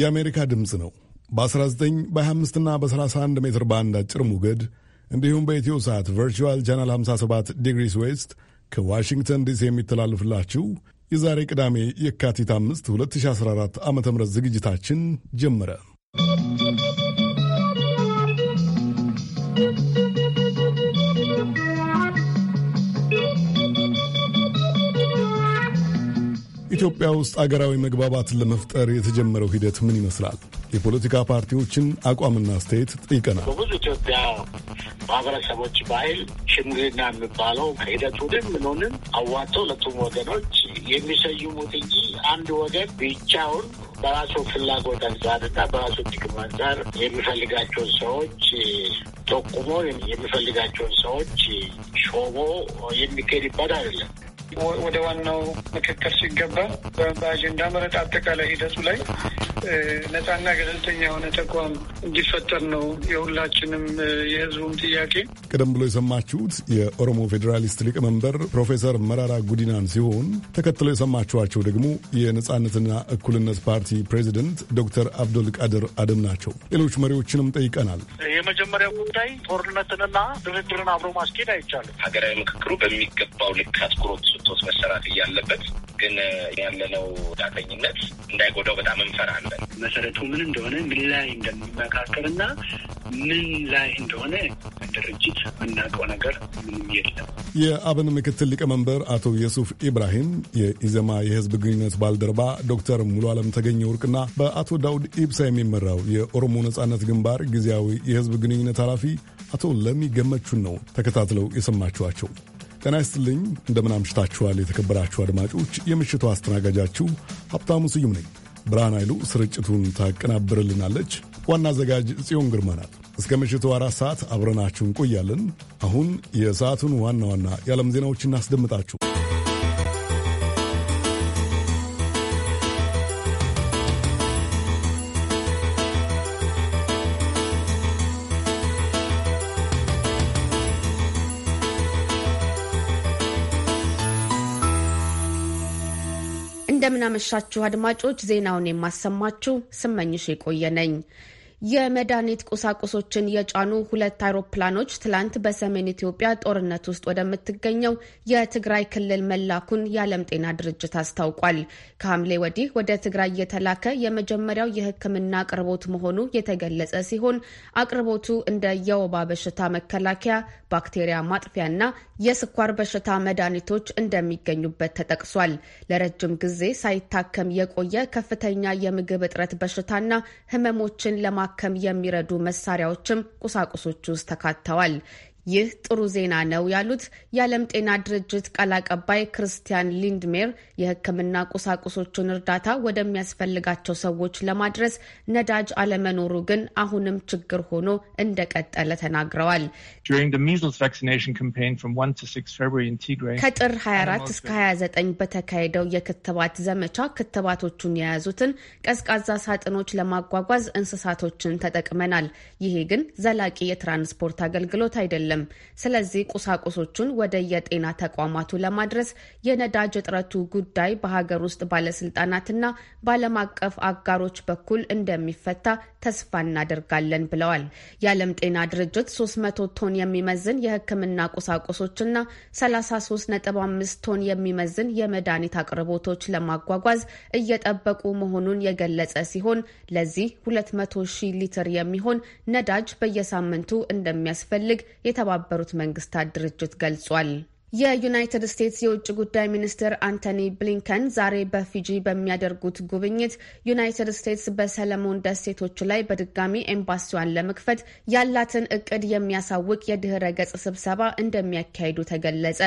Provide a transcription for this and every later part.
የአሜሪካ ድምፅ ነው። በ19 በ25 እና በ31 ሜትር ባንድ አጭር ሞገድ እንዲሁም በኢትዮ ሰዓት ቨርቹዋል ቻናል 57 ዲግሪስ ዌስት ከዋሽንግተን ዲሲ የሚተላልፍላችሁ የዛሬ ቅዳሜ የካቲት 5 2014 ዓ ም ዝግጅታችን ጀመረ። በኢትዮጵያ ውስጥ አገራዊ መግባባትን ለመፍጠር የተጀመረው ሂደት ምን ይመስላል? የፖለቲካ ፓርቲዎችን አቋምና አስተያየት ጠይቀናል። በብዙ ኢትዮጵያ ማህበረሰቦች ባህል ሽምግልና የሚባለው ሂደቱንም ምኑንም አዋጥተው ሁለቱም ወገኖች የሚሰይሙት እንጂ አንድ ወገን ብቻውን በራሱ ፍላጎት እና በራሱ ጥቅም አንጻር የሚፈልጋቸውን ሰዎች ጠቁሞ የሚፈልጋቸውን ሰዎች ሾሞ የሚካሄድበት አይደለም። ወደ ዋናው ምክክር ሲገባ በአጀንዳ መረጥ አጠቃላይ ሂደቱ ላይ ነጻና ገለልተኛ የሆነ ተቋም እንዲፈጠር ነው የሁላችንም የህዝቡም ጥያቄ። ቀደም ብሎ የሰማችሁት የኦሮሞ ፌዴራሊስት ሊቀመንበር ፕሮፌሰር መራራ ጉዲናን ሲሆን ተከትሎ የሰማችኋቸው ደግሞ የነጻነትና እኩልነት ፓርቲ ፕሬዚደንት ዶክተር አብዶል ቃድር አደም ናቸው። ሌሎች መሪዎችንም ጠይቀናል። የመጀመሪያው ጉዳይ ጦርነትንና ድርድርን አብሮ ማስኬድ አይቻልም። ሀገራዊ ምክክሩ በሚገባው ልክ አትኩሮት ተሰጥቶት መሰራት እያለበት ግን ያለነው ዳተኝነት እንዳይጎዳው በጣም እንፈራለን። መሰረቱ ምን እንደሆነ ምን ላይ እንደሚመካከልና ምን ላይ እንደሆነ ድርጅት የምናውቀው ነገር ምንም የለም። የአብን ምክትል ሊቀመንበር አቶ የሱፍ ኢብራሂም፣ የኢዘማ የህዝብ ግንኙነት ባልደረባ ዶክተር ሙሉ አለም ተገኘ ወርቅና በአቶ ዳውድ ኢብሳ የሚመራው የኦሮሞ ነጻነት ግንባር ጊዜያዊ የህዝብ ግንኙነት ኃላፊ አቶ ለሚ ገመቹን ነው ተከታትለው የሰማችኋቸው። ጤና ይስጥልኝ። እንደምን አምሽታችኋል? የተከበራችሁ አድማጮች፣ የምሽቱ አስተናጋጃችሁ ሀብታሙ ስዩም ነኝ። ብርሃን ኃይሉ ስርጭቱን ታቀናብርልናለች። ዋና አዘጋጅ ጽዮን ግርማ ናት። እስከ ምሽቱ አራት ሰዓት አብረናችሁ እንቆያለን። አሁን የሰዓቱን ዋና ዋና የዓለም ዜናዎች እናስደምጣችሁ። እንደምናመሻችሁ አድማጮች፣ ዜናውን የማሰማችሁ ስመኝሽ የቆየ ነኝ። የመድኃኒት ቁሳቁሶችን የጫኑ ሁለት አውሮፕላኖች ትላንት በሰሜን ኢትዮጵያ ጦርነት ውስጥ ወደምትገኘው የትግራይ ክልል መላኩን የዓለም ጤና ድርጅት አስታውቋል። ከሐምሌ ወዲህ ወደ ትግራይ የተላከ የመጀመሪያው የሕክምና አቅርቦት መሆኑ የተገለጸ ሲሆን አቅርቦቱ እንደ የወባ በሽታ መከላከያ፣ ባክቴሪያ ማጥፊያና የስኳር በሽታ መድኃኒቶች እንደሚገኙበት ተጠቅሷል። ለረጅም ጊዜ ሳይታከም የቆየ ከፍተኛ የምግብ እጥረት በሽታና ህመሞችን ለማ ለማከም የሚረዱ መሳሪያዎችም ቁሳቁሶች ውስጥ ተካተዋል። ይህ ጥሩ ዜና ነው ያሉት የዓለም ጤና ድርጅት ቃል አቀባይ ክርስቲያን ሊንድሜር የሕክምና ቁሳቁሶችን እርዳታ ወደሚያስፈልጋቸው ሰዎች ለማድረስ ነዳጅ አለመኖሩ ግን አሁንም ችግር ሆኖ እንደቀጠለ ተናግረዋል። ከጥር 24 እስከ 29 በተካሄደው የክትባት ዘመቻ ክትባቶቹን የያዙትን ቀዝቃዛ ሳጥኖች ለማጓጓዝ እንስሳቶችን ተጠቅመናል። ይሄ ግን ዘላቂ የትራንስፖርት አገልግሎት አይደለም። አይደለም። ስለዚህ ቁሳቁሶቹን ወደ የጤና ተቋማቱ ለማድረስ የነዳጅ እጥረቱ ጉዳይ በሀገር ውስጥ ባለስልጣናትና በዓለም አቀፍ አጋሮች በኩል እንደሚፈታ ተስፋ እናደርጋለን ብለዋል። የዓለም ጤና ድርጅት 300 ቶን የሚመዝን የሕክምና ቁሳቁሶችና 33.5 ቶን የሚመዝን የመድኃኒት አቅርቦቶች ለማጓጓዝ እየጠበቁ መሆኑን የገለጸ ሲሆን ለዚህ 200 ሺህ ሊትር የሚሆን ነዳጅ በየሳምንቱ እንደሚያስፈልግ የታ የተባበሩት መንግስታት ድርጅት ገልጿል። የዩናይትድ ስቴትስ የውጭ ጉዳይ ሚኒስትር አንቶኒ ብሊንከን ዛሬ በፊጂ በሚያደርጉት ጉብኝት ዩናይትድ ስቴትስ በሰለሞን ደሴቶች ላይ በድጋሚ ኤምባሲዋን ለመክፈት ያላትን እቅድ የሚያሳውቅ የድህረ ገጽ ስብሰባ እንደሚያካሂዱ ተገለጸ።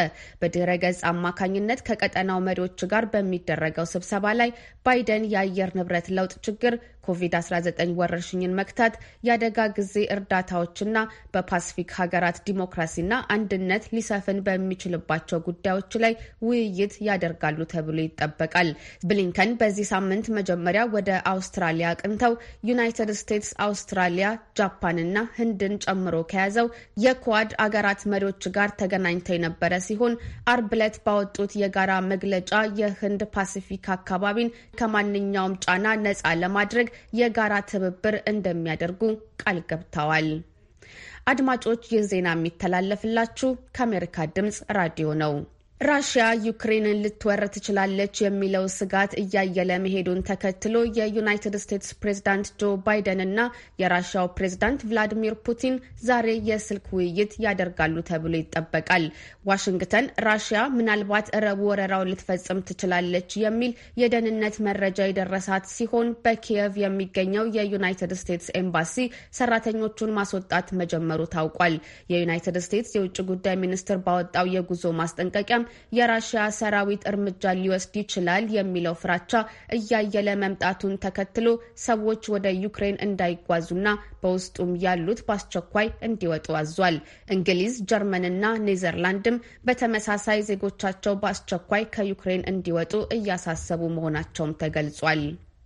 በድህረ ገጽ አማካኝነት ከቀጠናው መሪዎች ጋር በሚደረገው ስብሰባ ላይ ባይደን የአየር ንብረት ለውጥ ችግር ኮቪድ-19 ወረርሽኝን መክታት፣ የአደጋ ጊዜ እርዳታዎችና በፓስፊክ ሀገራት ዲሞክራሲና አንድነት ሊሰፍን በሚችልባቸው ጉዳዮች ላይ ውይይት ያደርጋሉ ተብሎ ይጠበቃል። ብሊንከን በዚህ ሳምንት መጀመሪያ ወደ አውስትራሊያ አቅንተው ዩናይትድ ስቴትስ፣ አውስትራሊያ፣ ጃፓንና ህንድን ጨምሮ ከያዘው የኳድ አገራት መሪዎች ጋር ተገናኝተው የነበረ ሲሆን አርብ ዕለት ባወጡት የጋራ መግለጫ የህንድ ፓሲፊክ አካባቢን ከማንኛውም ጫና ነጻ ለማድረግ የጋራ ትብብር እንደሚያደርጉ ቃል ገብተዋል። አድማጮች ይህ ዜና የሚተላለፍላችሁ ከአሜሪካ ድምፅ ራዲዮ ነው። ራሽያ ዩክሬንን ልትወር ትችላለች የሚለው ስጋት እያየለ መሄዱን ተከትሎ የዩናይትድ ስቴትስ ፕሬዝዳንት ጆ ባይደን እና የራሽያው ፕሬዝዳንት ቭላዲሚር ፑቲን ዛሬ የስልክ ውይይት ያደርጋሉ ተብሎ ይጠበቃል። ዋሽንግተን ራሽያ ምናልባት እረቡ ወረራው ልትፈጽም ትችላለች የሚል የደህንነት መረጃ የደረሳት ሲሆን በኪየቭ የሚገኘው የዩናይትድ ስቴትስ ኤምባሲ ሰራተኞቹን ማስወጣት መጀመሩ ታውቋል። የዩናይትድ ስቴትስ የውጭ ጉዳይ ሚኒስትር ባወጣው የጉዞ ማስጠንቀቂያ የራሽያ ሰራዊት እርምጃ ሊወስድ ይችላል የሚለው ፍራቻ እያየለ መምጣቱን ተከትሎ ሰዎች ወደ ዩክሬን እንዳይጓዙና በውስጡም ያሉት በአስቸኳይ እንዲወጡ አዟል። እንግሊዝ፣ ጀርመንና ኔዘርላንድም በተመሳሳይ ዜጎቻቸው በአስቸኳይ ከዩክሬን እንዲወጡ እያሳሰቡ መሆናቸውም ተገልጿል።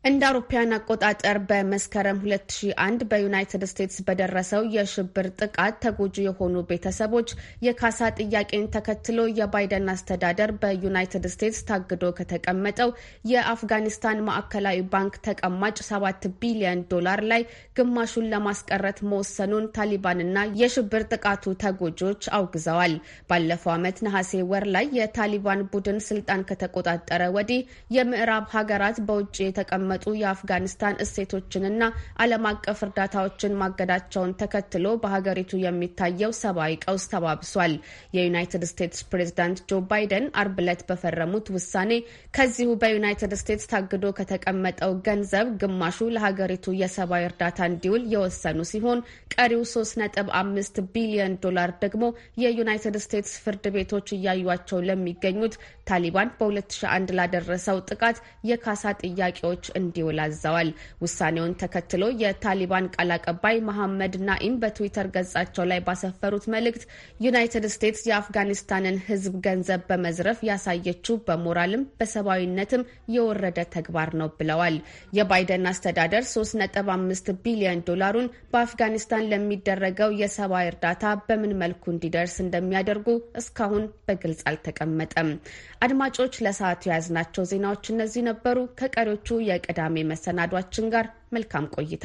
እንደ አውሮፓውያን አቆጣጠር በመስከረም 2001 በዩናይትድ ስቴትስ በደረሰው የሽብር ጥቃት ተጎጂ የሆኑ ቤተሰቦች የካሳ ጥያቄን ተከትሎ የባይደን አስተዳደር በዩናይትድ ስቴትስ ታግዶ ከተቀመጠው የአፍጋኒስታን ማዕከላዊ ባንክ ተቀማጭ 7 ቢሊዮን ዶላር ላይ ግማሹን ለማስቀረት መወሰኑን ታሊባንና የሽብር ጥቃቱ ተጎጂዎች አውግዘዋል። ባለፈው ዓመት ነሐሴ ወር ላይ የታሊባን ቡድን ስልጣን ከተቆጣጠረ ወዲህ የምዕራብ ሀገራት በውጭ የተቀመጡ የሚመጡ የአፍጋኒስታን እሴቶችንና ዓለም አቀፍ እርዳታዎችን ማገዳቸውን ተከትሎ በሀገሪቱ የሚታየው ሰብአዊ ቀውስ ተባብሷል። የዩናይትድ ስቴትስ ፕሬዝዳንት ጆ ባይደን አርብ ዕለት በፈረሙት ውሳኔ ከዚሁ በዩናይትድ ስቴትስ ታግዶ ከተቀመጠው ገንዘብ ግማሹ ለሀገሪቱ የሰብአዊ እርዳታ እንዲውል የወሰኑ ሲሆን ቀሪው 3.5 ቢሊዮን ዶላር ደግሞ የዩናይትድ ስቴትስ ፍርድ ቤቶች እያዩቸው ለሚገኙት ታሊባን በ2001 ላደረሰው ጥቃት የካሳ ጥያቄዎች እንዲውል አዘዋል። ውሳኔውን ተከትሎ የታሊባን ቃል አቀባይ መሐመድ ናኢም በትዊተር ገጻቸው ላይ ባሰፈሩት መልእክት ዩናይትድ ስቴትስ የአፍጋኒስታንን ሕዝብ ገንዘብ በመዝረፍ ያሳየችው በሞራልም በሰብአዊነትም የወረደ ተግባር ነው ብለዋል። የባይደን አስተዳደር 3.5 ቢሊዮን ዶላሩን በአፍጋኒስታን ለሚደረገው የሰብአዊ እርዳታ በምን መልኩ እንዲደርስ እንደሚያደርጉ እስካሁን በግልጽ አልተቀመጠም። አድማጮች ለሰዓቱ የያዝናቸው ዜናዎች እነዚህ ነበሩ። ከቀሪዎቹ ቅዳሜ መሰናዷችን ጋር መልካም ቆይታ።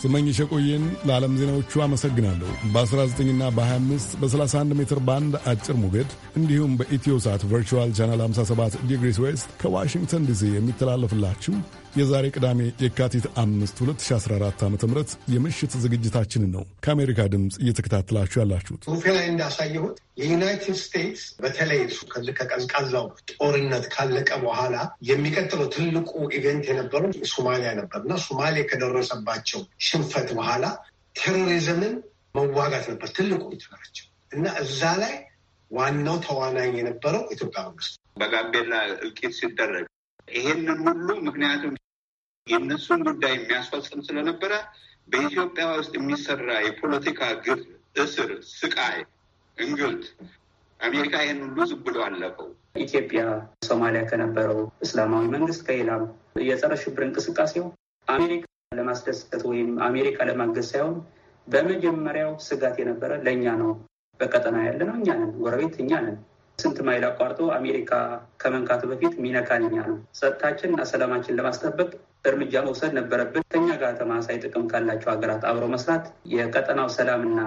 ስመኝሽ የቆየን ለዓለም ዜናዎቹ አመሰግናለሁ። በ19ና በ25 በ31 ሜትር ባንድ አጭር ሞገድ እንዲሁም ሳት ቨርቹዋል ቻናል 57 ዲግሪስ ዌስት ከዋሽንግተን ዲሲ የሚተላለፍላችሁ የዛሬ ቅዳሜ የካቲት 5 2014 ዓ ም የምሽት ዝግጅታችንን ነው ከአሜሪካ ድምፅ እየተከታተላችሁ ያላችሁት። ጽሁፌ ላይ እንዳሳየሁት የዩናይትድ ስቴትስ በተለይ ከቀዝቃዛው ጦርነት ካለቀ በኋላ የሚቀጥለው ትልቁ ኢቨንት የነበረው ሶማሊያ ነበር እና ሶማሌ ከደረሰባቸው ሽንፈት በኋላ ቴሮሪዝምን መዋጋት ነበር ትልቁ ትናቸው እና እዛ ላይ ዋናው ተዋናኝ የነበረው ኢትዮጵያ መንግስት በጋምቤላ እልቂት ሲደረግ ይሄንን ሁሉ ምክንያቱም የእነሱን ጉዳይ የሚያስፈጽም ስለነበረ በኢትዮጵያ ውስጥ የሚሰራ የፖለቲካ ግፍ፣ እስር፣ ስቃይ፣ እንግልት አሜሪካ ይህን ሁሉ ዝም ብሎ አለፈው። ኢትዮጵያ ሶማሊያ ከነበረው እስላማዊ መንግስት ከሌላም የጸረ ሽብር እንቅስቃሴው አሜሪካ ለማስደሰት ወይም አሜሪካ ለማገዝ ሳይሆን በመጀመሪያው ስጋት የነበረ ለእኛ ነው። በቀጠና ያለ ነው እኛ ነን፣ ጎረቤት እኛ ነን። ስንት ማይል አቋርጦ አሜሪካ ከመንካቱ በፊት ሚነካን እኛ ነው። ጸጥታችን እና ሰላማችን ለማስጠበቅ እርምጃ መውሰድ ነበረብን። ከኛ ጋር ተማሳይ ጥቅም ካላቸው ሀገራት አብረው መስራት፣ የቀጠናው ሰላምና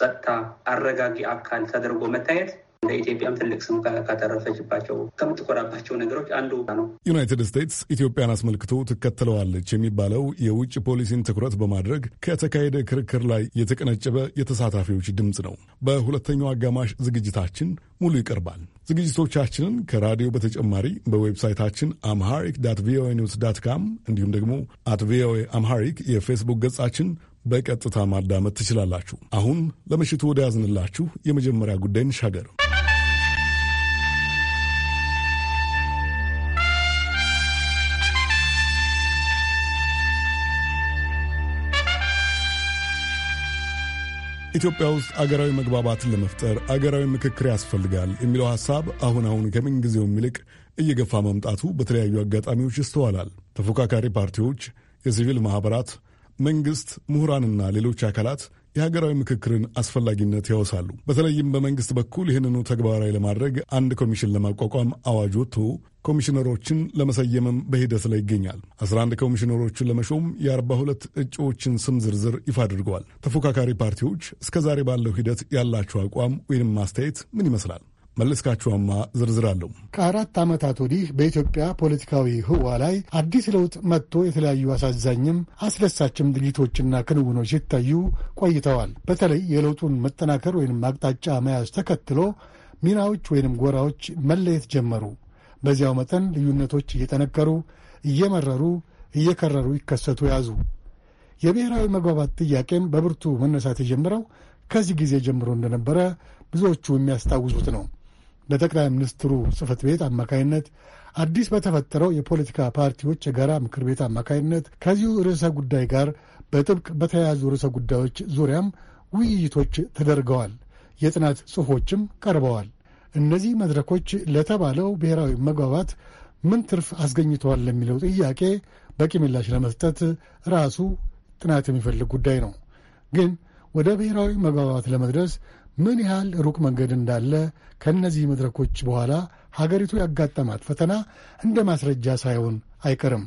ጸጥታ አረጋጊ አካል ተደርጎ መታየት ለኢትዮጵያም ትልቅ ስም ካተረፈችባቸው ከምትኮራባቸው ነገሮች አንዱ ነው። ዩናይትድ ስቴትስ ኢትዮጵያን አስመልክቶ ትከተለዋለች የሚባለው የውጭ ፖሊሲን ትኩረት በማድረግ ከተካሄደ ክርክር ላይ የተቀነጨበ የተሳታፊዎች ድምፅ ነው። በሁለተኛው አጋማሽ ዝግጅታችን ሙሉ ይቀርባል። ዝግጅቶቻችንን ከራዲዮ በተጨማሪ በዌብሳይታችን አምሃሪክ ዳት ቪኦኤ ኒውስ ዳት ካም እንዲሁም ደግሞ አት ቪኦኤ አምሃሪክ የፌስቡክ ገጻችን በቀጥታ ማዳመጥ ትችላላችሁ። አሁን ለምሽቱ ወደ ያዝንላችሁ የመጀመሪያ ጉዳይ እንሻገር። ኢትዮጵያ ውስጥ አገራዊ መግባባትን ለመፍጠር አገራዊ ምክክር ያስፈልጋል የሚለው ሐሳብ አሁን አሁን ከምንጊዜውም ይልቅ እየገፋ መምጣቱ በተለያዩ አጋጣሚዎች ይስተዋላል። ተፎካካሪ ፓርቲዎች፣ የሲቪል ማኅበራት፣ መንግሥት፣ ምሁራንና ሌሎች አካላት የሀገራዊ ምክክርን አስፈላጊነት ያወሳሉ። በተለይም በመንግስት በኩል ይህንኑ ተግባራዊ ለማድረግ አንድ ኮሚሽን ለማቋቋም አዋጅ ወጥቶ ኮሚሽነሮችን ለመሰየምም በሂደት ላይ ይገኛል። 11 ኮሚሽነሮችን ለመሾም የ42 እጩዎችን ስም ዝርዝር ይፋ አድርገዋል። ተፎካካሪ ፓርቲዎች ዛሬ ባለው ሂደት ያላቸው አቋም ወይም ማስተያየት ምን ይመስላል? መለስካቸዋማ ዝርዝር አለው። ከአራት ዓመታት ወዲህ በኢትዮጵያ ፖለቲካዊ ህዋ ላይ አዲስ ለውጥ መጥቶ የተለያዩ አሳዛኝም አስደሳችም ድርጊቶችና ክንውኖች ሲታዩ ቆይተዋል። በተለይ የለውጡን መጠናከር ወይንም አቅጣጫ መያዝ ተከትሎ ሚናዎች ወይንም ጎራዎች መለየት ጀመሩ። በዚያው መጠን ልዩነቶች እየጠነከሩ እየመረሩ እየከረሩ ይከሰቱ ያዙ። የብሔራዊ መግባባት ጥያቄም በብርቱ መነሳት የጀመረው ከዚህ ጊዜ ጀምሮ እንደነበረ ብዙዎቹ የሚያስታውሱት ነው። በጠቅላይ ሚኒስትሩ ጽህፈት ቤት አማካይነት አዲስ በተፈጠረው የፖለቲካ ፓርቲዎች የጋራ ምክር ቤት አማካይነት ከዚሁ ርዕሰ ጉዳይ ጋር በጥብቅ በተያያዙ ርዕሰ ጉዳዮች ዙሪያም ውይይቶች ተደርገዋል። የጥናት ጽሑፎችም ቀርበዋል። እነዚህ መድረኮች ለተባለው ብሔራዊ መግባባት ምን ትርፍ አስገኝተዋል ለሚለው ጥያቄ በቂ ምላሽ ለመስጠት ራሱ ጥናት የሚፈልግ ጉዳይ ነው። ግን ወደ ብሔራዊ መግባባት ለመድረስ ምን ያህል ሩቅ መንገድ እንዳለ ከእነዚህ መድረኮች በኋላ ሀገሪቱ ያጋጠማት ፈተና እንደ ማስረጃ ሳይሆን አይቀርም።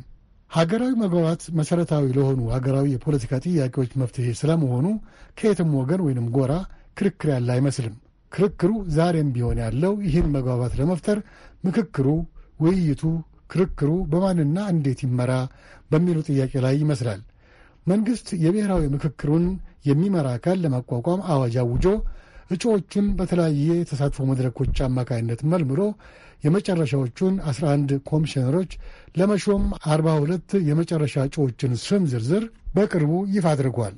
ሀገራዊ መግባባት መሠረታዊ ለሆኑ ሀገራዊ የፖለቲካ ጥያቄዎች መፍትሄ ስለመሆኑ ከየትም ወገን ወይንም ጎራ ክርክር ያለ አይመስልም። ክርክሩ ዛሬም ቢሆን ያለው ይህን መግባባት ለመፍጠር ምክክሩ፣ ውይይቱ፣ ክርክሩ በማንና እንዴት ይመራ በሚሉ ጥያቄ ላይ ይመስላል። መንግሥት የብሔራዊ ምክክሩን የሚመራ አካል ለማቋቋም አዋጅ አውጆ እጩዎቹን በተለያየ የተሳትፎ መድረኮች አማካኝነት መልምሎ የመጨረሻዎቹን 11 ኮሚሽነሮች ለመሾም 42 የመጨረሻ እጩዎችን ስም ዝርዝር በቅርቡ ይፋ አድርጓል።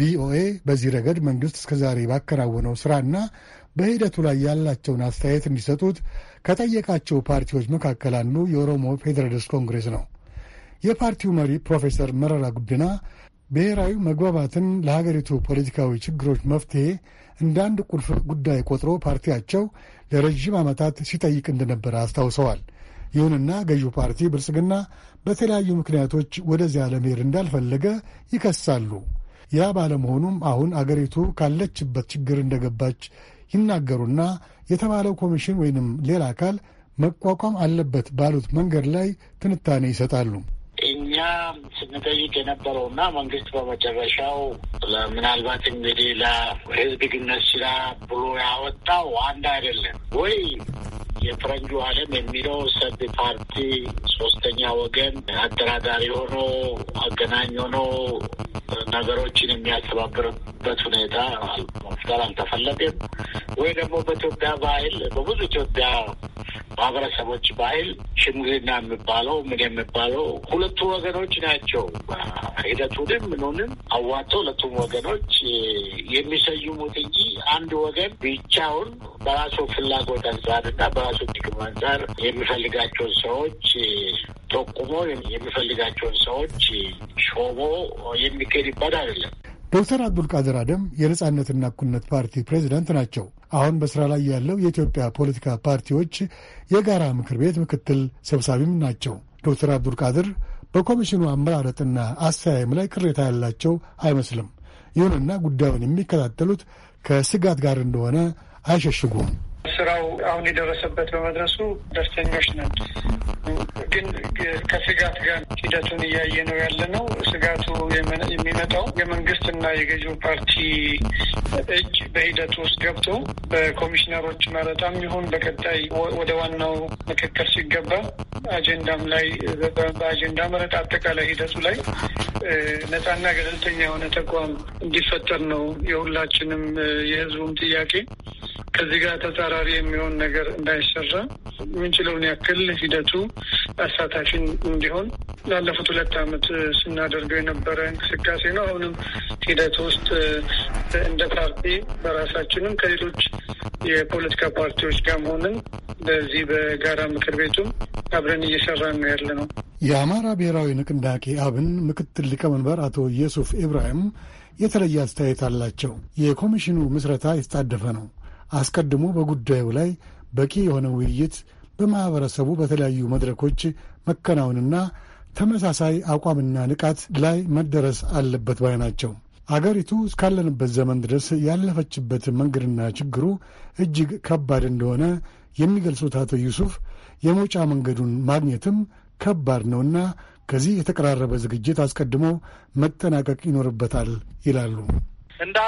ቪኦኤ በዚህ ረገድ መንግሥት እስከዛሬ ባከናወነው ሥራና በሂደቱ ላይ ያላቸውን አስተያየት እንዲሰጡት ከጠየቃቸው ፓርቲዎች መካከል አንዱ የኦሮሞ ፌዴራሊስት ኮንግሬስ ነው። የፓርቲው መሪ ፕሮፌሰር መረራ ጉዲና ብሔራዊ መግባባትን ለሀገሪቱ ፖለቲካዊ ችግሮች መፍትሄ እንደ አንድ ቁልፍ ጉዳይ ቆጥሮ ፓርቲያቸው ለረዥም ዓመታት ሲጠይቅ እንደነበረ አስታውሰዋል። ይሁንና ገዢው ፓርቲ ብልጽግና በተለያዩ ምክንያቶች ወደዚያ ለመሄድ እንዳልፈለገ ይከሳሉ። ያ ባለመሆኑም አሁን አገሪቱ ካለችበት ችግር እንደገባች ይናገሩና የተባለው ኮሚሽን ወይንም ሌላ አካል መቋቋም አለበት ባሉት መንገድ ላይ ትንታኔ ይሰጣሉ። እኛ ስንጠይቅ የነበረው እና መንግስት በመጨረሻው ምናልባት እንግዲህ ለህዝብ ግነት ስራ ብሎ ያወጣው አንድ አይደለም ወይ የፈረንጁ ዓለም የሚለው ሰብ ፓርቲ ሶስተኛ ወገን አደራዳሪ ሆኖ አገናኝ ሆኖ ነገሮችን የሚያስተባብርበት ሁኔታ መፍጠር አልተፈለገም ወይ ደግሞ በኢትዮጵያ ባህል በብዙ ኢትዮጵያ ማህበረሰቦች ባህል ሽምግልና የሚባለው ምን የሚባለው ሁለቱ ወገኖች ናቸው። ሂደቱንም ምኑንም አዋቶ ሁለቱም ወገኖች የሚሰይሙት እንጂ አንድ ወገን ብቻውን በራሱ ፍላጎት አንጻር እና በራሱ ጥቅም አንጻር የሚፈልጋቸውን ሰዎች ጠቁሞ የሚፈልጋቸውን ሰዎች ሾሞ የሚካሄድበት አይደለም። ዶክተር አብዱልቃድር አደም የነጻነትና እኩነት ፓርቲ ፕሬዚዳንት ናቸው። አሁን በስራ ላይ ያለው የኢትዮጵያ ፖለቲካ ፓርቲዎች የጋራ ምክር ቤት ምክትል ሰብሳቢም ናቸው። ዶክተር አብዱልቃድር በኮሚሽኑ አመራረጥና አስተያየም ላይ ቅሬታ ያላቸው አይመስልም። ይሁንና ጉዳዩን የሚከታተሉት ከስጋት ጋር እንደሆነ አይሸሽጉም። ስራው አሁን የደረሰበት በመድረሱ ደስተኞች ነን። ግን ከስጋት ጋር ሂደቱን እያየ ነው ያለ ነው። ስጋቱ የሚመጣው የመንግስት እና የገዢው ፓርቲ እጅ በሂደቱ ውስጥ ገብቶ በኮሚሽነሮች መረጣም ይሁን በቀጣይ ወደ ዋናው ምክክር ሲገባ አጀንዳም ላይ በአጀንዳ መረጥ አጠቃላይ ሂደቱ ላይ ነጻና ገለልተኛ የሆነ ተቋም እንዲፈጠር ነው የሁላችንም የህዝቡም ጥያቄ ከዚህ ጋር ተጻ ተደራራቢ የሚሆን ነገር እንዳይሰራ የምንችለውን ያክል ሂደቱ አሳታፊ እንዲሆን ላለፉት ሁለት ዓመት ስናደርገው የነበረ እንቅስቃሴ ነው። አሁንም ሂደት ውስጥ እንደ ፓርቲ በራሳችንም ከሌሎች የፖለቲካ ፓርቲዎች ጋር መሆንን በዚህ በጋራ ምክር ቤቱም አብረን እየሰራን ነው ያለ ነው። የአማራ ብሔራዊ ንቅናቄ አብን ምክትል ሊቀመንበር አቶ ኢየሱፍ ኢብራሂም የተለየ አስተያየት አላቸው። የኮሚሽኑ ምስረታ የተጣደፈ ነው። አስቀድሞ በጉዳዩ ላይ በቂ የሆነ ውይይት በማኅበረሰቡ በተለያዩ መድረኮች መከናወንና ተመሳሳይ አቋምና ንቃት ላይ መደረስ አለበት ባይ ናቸው። አገሪቱ እስካለንበት ዘመን ድረስ ያለፈችበት መንገድና ችግሩ እጅግ ከባድ እንደሆነ የሚገልጹት አቶ ዩሱፍ የመውጫ መንገዱን ማግኘትም ከባድ ነውና ከዚህ የተቀራረበ ዝግጅት አስቀድሞ መጠናቀቅ ይኖርበታል ይላሉ። እንደ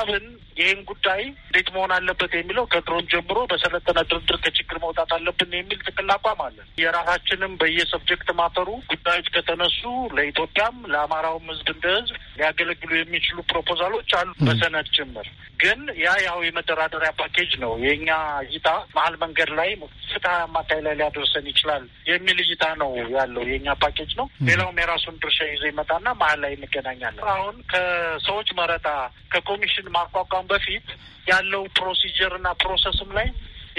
ይህን ጉዳይ እንዴት መሆን አለበት የሚለው ከድሮን ጀምሮ በሰለጠነ ድርድር ከችግር መውጣት አለብን የሚል ጥቅል አቋም አለን። የራሳችንም በየሰብጀክት ማተሩ ጉዳዮች ከተነሱ ለኢትዮጵያም ለአማራውም ህዝብ እንደ ህዝብ ሊያገለግሉ የሚችሉ ፕሮፖዛሎች አሉ በሰነድ ጭምር። ግን ያ ያው የመደራደሪያ ፓኬጅ ነው። የእኛ እይታ መሀል መንገድ ላይ ፍትሀ አማካይ ላይ ሊያደርሰን ይችላል የሚል እይታ ነው ያለው። የእኛ ፓኬጅ ነው። ሌላውም የራሱን ድርሻ ይዞ ይመጣና መሀል ላይ እንገናኛለን። አሁን ከሰዎች መረጣ ከኮሚሽን ማቋቋም በፊት ያለው ፕሮሲጀር እና ፕሮሰስም ላይ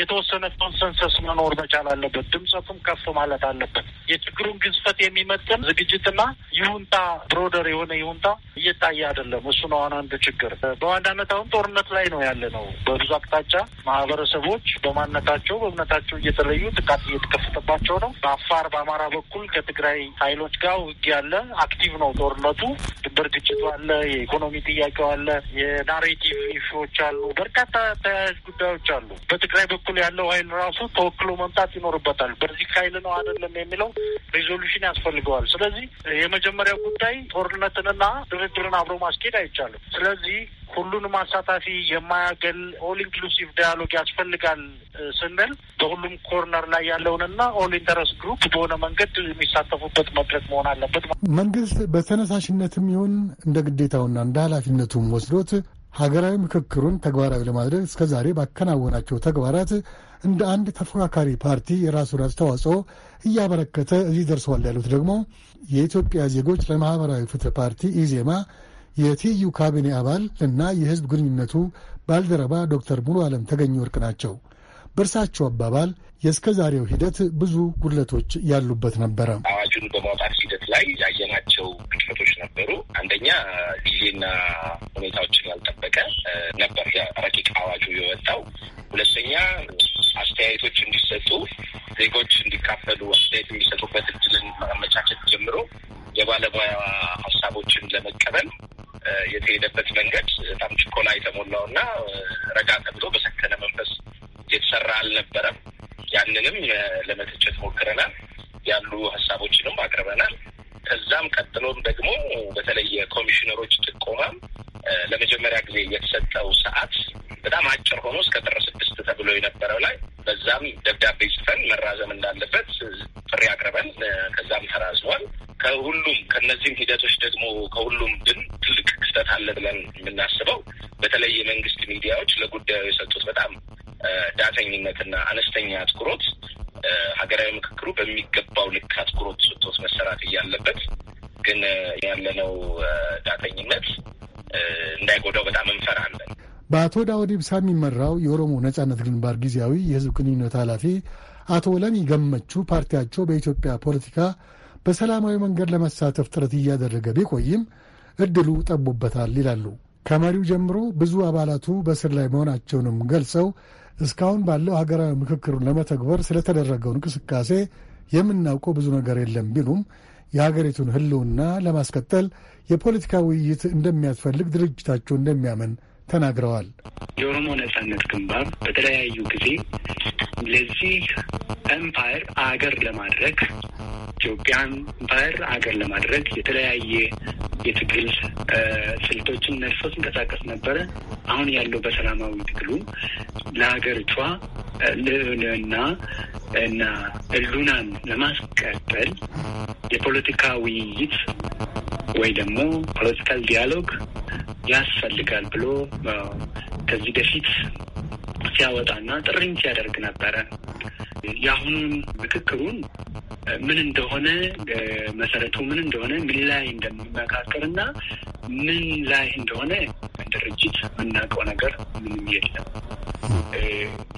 የተወሰነ ኮንሰንሰስ መኖር መቻል አለበት። ድምፀቱም ከፍ ማለት አለበት። የችግሩን ግዝፈት የሚመጥን ዝግጅትና ይሁንታ ብሮደር የሆነ ይሁንታ እየታየ አይደለም። እሱ ነው አንዱ ችግር። በዋናነት አሁን ጦርነት ላይ ነው ያለ ነው። በብዙ አቅጣጫ ማህበረሰቦች በማንነታቸው በእምነታቸው እየተለዩ ጥቃት እየተከፈተባቸው ነው። በአፋር በአማራ በኩል ከትግራይ ኃይሎች ጋር ውጊያ አለ። አክቲቭ ነው ጦርነቱ። ድንበር ግጭቱ አለ። የኢኮኖሚ ጥያቄው አለ። የናሬቲቭ ኢሹዎች አሉ። በርካታ ተያያዥ ጉዳዮች አሉ። በትግራይ በኩል በኩል ያለው ኃይል ራሱ ተወክሎ መምጣት ይኖርበታል። በዚህ ኃይል ነው አይደለም የሚለው ሪዞሉሽን ያስፈልገዋል። ስለዚህ የመጀመሪያው ጉዳይ ጦርነትንና ድርድርን አብሮ ማስኬድ አይቻልም። ስለዚህ ሁሉንም አሳታፊ የማያገል ኦል ኢንክሉሲቭ ዳያሎግ ያስፈልጋል ስንል በሁሉም ኮርነር ላይ ያለውንና ኦል ኢንተረስት ግሩፕ በሆነ መንገድ የሚሳተፉበት መድረክ መሆን አለበት። መንግስት በተነሳሽነትም ይሁን እንደ ግዴታውና እንደ ኃላፊነቱም ወስዶት ሀገራዊ ምክክሩን ተግባራዊ ለማድረግ እስከዛሬ ባከናወናቸው ተግባራት እንደ አንድ ተፎካካሪ ፓርቲ የራሱን አስተዋጽኦ እያበረከተ እዚህ ደርሰዋል ያሉት ደግሞ የኢትዮጵያ ዜጎች ለማህበራዊ ፍትህ ፓርቲ ኢዜማ የቲዩ ካቢኔ አባል እና የህዝብ ግንኙነቱ ባልደረባ ዶክተር ሙሉ ዓለም ተገኙ ወርቅ ናቸው። በእርሳቸው አባባል የእስከ ዛሬው ሂደት ብዙ ጉድለቶች ያሉበት ነበረ። አዋጁን በማውጣት ሂደት ላይ ያየናቸው ግድፈቶች ነበሩ። አንደኛ ጊዜና ሁኔታዎችን ያልጠበቀ ነበር ረቂቅ አዋጁ የወጣው። ሁለተኛ አስተያየቶች እንዲሰጡ ዜጎች እንዲካፈሉ አስተያየት የሚሰጡበት እድልን ማመቻቸት ጀምሮ የባለሙያ ሀሳቦችን ለመቀበል የተሄደበት መንገድ በጣም ጭቆና የተሞላው እና ረጋ ተብሎ በሰከነ መንፈስ የተሰራ አልነበረም። ያንንም ለመተቸት ሞክረናል። ያሉ ሀሳቦችንም አቅርበናል። ከዛም ቀጥሎም ደግሞ በተለይ የኮሚሽነሮች ጥቆማም ለመጀመሪያ ጊዜ የተሰጠው ሰዓት በጣም አጭር ሆኖ እስከ ጥር ስድስት ተብሎ የነበረው ላይ በዛም ደብዳቤ ጽፈን መራዘም እንዳለበት ጥሪ አቅርበን ከዛም ተራዝሟል። ከሁሉም ከነዚህም ሂደቶች ደግሞ ከሁሉም ግን ትልቅ ክስተት አለ ብለን የምናስበው በተለይ የመንግስት ሚዲያዎች ለጉዳዩ የሰጡት በጣም ዳተኝነትና አነስተኛ አትኩሮት ሀገራዊ ምክክሩ በሚገባው ልክ አትኩሮት ሰጥቶት መሰራት እያለበት ግን ያለነው ዳተኝነት እንዳይጎዳው በጣም እንፈራለን። በአቶ ዳውድ ኢብሳ የሚመራው የኦሮሞ ነጻነት ግንባር ጊዜያዊ የህዝብ ግንኙነት ኃላፊ አቶ ለሚ ገመቹ ፓርቲያቸው በኢትዮጵያ ፖለቲካ በሰላማዊ መንገድ ለመሳተፍ ጥረት እያደረገ ቢቆይም እድሉ ጠቦበታል ይላሉ። ከመሪው ጀምሮ ብዙ አባላቱ በስር ላይ መሆናቸውንም ገልጸው እስካሁን ባለው ሀገራዊ ምክክሩን ለመተግበር ስለተደረገው እንቅስቃሴ የምናውቀው ብዙ ነገር የለም ቢሉም የሀገሪቱን ህልውና ለማስቀጠል የፖለቲካ ውይይት እንደሚያስፈልግ ድርጅታቸው እንደሚያምን ተናግረዋል። የኦሮሞ ነጻነት ግንባር በተለያዩ ጊዜ ለዚህ ኤምፓየር አገር ለማድረግ ኢትዮጵያን ኤምፓየር አገር ለማድረግ የተለያየ የትግል ስልቶችን ነድፎ ሲንቀሳቀስ ነበረ። አሁን ያለው በሰላማዊ ትግሉ ለሀገሪቷ ልዕልና እና ህሉናን ለማስቀጠል የፖለቲካ ውይይት ወይ ደግሞ ፖለቲካል ዲያሎግ ያስፈልጋል ብሎ ከዚህ በፊት ሲያወጣና ጥሪም ሲያደርግ ነበረ። የአሁኑን ምክክሩን ምን እንደሆነ መሰረቱ ምን እንደሆነ ምን ላይ እንደሚመካከር እና ምን ላይ እንደሆነ ድርጅት የምናውቀው ነገር ምንም የለም።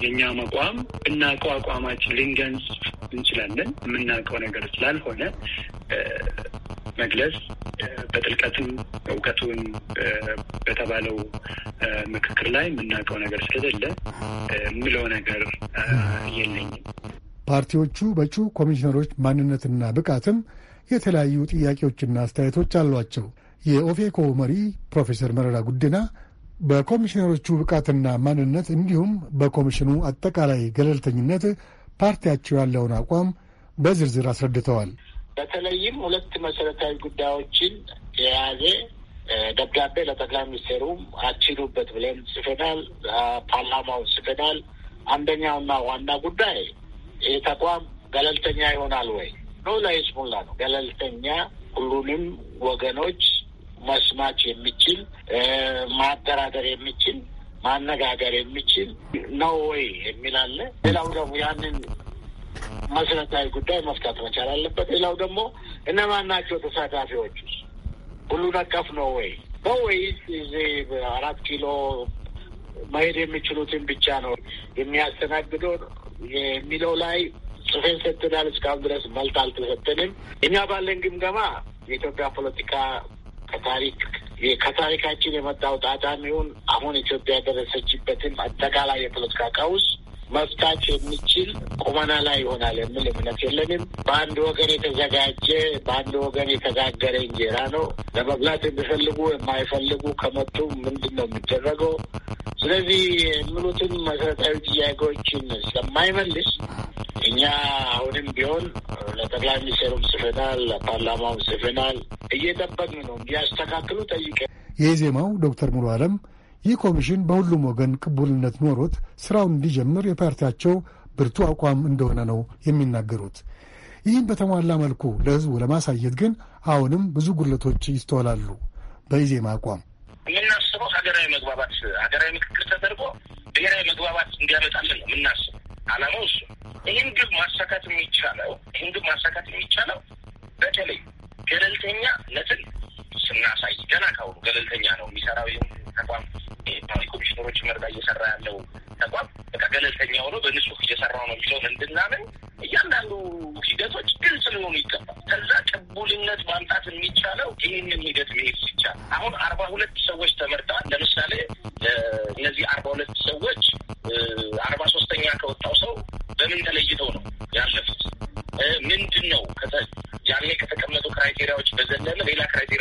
የእኛ መቋም እናውቀው አቋማችን ልንገንጽ እንችላለን። የምናውቀው ነገር ስላልሆነ መግለጽ በጥልቀትም እውቀቱን በተባለው ምክክር ላይ የምናውቀው ነገር ስለሌለ የምለው ነገር የለኝም። ፓርቲዎቹ በእጩ ኮሚሽነሮች ማንነትና ብቃትም የተለያዩ ጥያቄዎችና አስተያየቶች አሏቸው። የኦፌኮ መሪ ፕሮፌሰር መረራ ጉዲና በኮሚሽነሮቹ ብቃትና ማንነት እንዲሁም በኮሚሽኑ አጠቃላይ ገለልተኝነት ፓርቲያቸው ያለውን አቋም በዝርዝር አስረድተዋል። በተለይም ሁለት መሰረታዊ ጉዳዮችን የያዘ ደብዳቤ ለጠቅላይ ሚኒስትሩም አችሉበት ብለን ጽፈናል፣ ፓርላማውን ጽፈናል። አንደኛውና ዋና ጉዳይ ይህ ተቋም ገለልተኛ ይሆናል ወይ ነው ለሂዝቡላ ነው ገለልተኛ ሁሉንም ወገኖች መስማት የሚችል ማደራደር የሚችል ማነጋገር የሚችል ነው ወይ የሚል አለ። ሌላው ደግሞ ያንን መሰረታዊ ጉዳይ መፍታት መቻል አለበት። ሌላው ደግሞ እነማን ናቸው ተሳታፊዎች? ሁሉን አቀፍ ነው ወይ ነው ወይ አራት ኪሎ መሄድ የሚችሉትን ብቻ ነው የሚያስተናግደው የሚለው ላይ ጽፌን ሰጥተናል። እስካሁን ድረስ መልስ አልተሰጠንም። እኛ ባለን ግምገማ የኢትዮጵያ ፖለቲካ ከታሪክ ከታሪካችን የመጣው ጣጣም አሁን ኢትዮጵያ የደረሰችበትም አጠቃላይ የፖለቲካ ቀውስ መፍታት የሚችል ቁመና ላይ ይሆናል የሚል እምነት የለንም። በአንድ ወገን የተዘጋጀ በአንድ ወገን የተጋገረ እንጀራ ነው። ለመብላት የሚፈልጉ የማይፈልጉ ከመጡ ምንድን ነው የሚደረገው? ስለዚህ የሚሉትን መሰረታዊ ጥያቄዎችን ስለማይመልስ እኛ አሁንም ቢሆን ለጠቅላይ ሚኒስትሩም ጽፈናል፣ ለፓርላማውም ጽፈናል። እየጠበቅን ነው እንዲያስተካክሉ ጠይቀ የዜማው ዶክተር ሙሉ አለም ይህ ኮሚሽን በሁሉም ወገን ቅቡልነት ኖሮት ስራውን እንዲጀምር የፓርቲያቸው ብርቱ አቋም እንደሆነ ነው የሚናገሩት። ይህም በተሟላ መልኩ ለህዝቡ ለማሳየት ግን አሁንም ብዙ ጉድለቶች ይስተዋላሉ። በኢዜማ አቋም የምናስበው ሀገራዊ መግባባት ሀገራዊ ምክክር ተደርጎ ብሔራዊ መግባባት እንዲያመጣልን ነው የምናስበው። አላማው እሱ። ይህን ግብ ማሳካት የሚቻለው ይህን ግብ ማሳካት የሚቻለው በተለይ ገለልተኛነትን ስናሳይ ገና ካሁኑ ገለልተኛ ነው የሚሰራው ይህን ተቋም ፓሪ ኮሚሽነሮች መር እየሰራ ያለው ተቋም በቃ ገለልተኛ ሆኖ በንጹህ እየሰራ ነው የሚለውን እንድናምን እያንዳንዱ ሂደቶች ግልጽ ሊሆኑ ይገባል። ከዛ ቅቡልነት ማምጣት የሚቻለው ይህንን ሂደት መሄድ ሲቻል፣ አሁን አርባ ሁለት ሰዎች ተመርጠዋል። ለምሳሌ እነዚህ አርባ ሁለት ሰዎች አርባ ሶስተኛ ከወጣው ሰው በምን ተለይተው ነው ያለፉት? ምንድን ነው ያኔ ከተቀመጡ ክራይቴሪያዎች በዘለለ ሌላ ክራይቴሪያ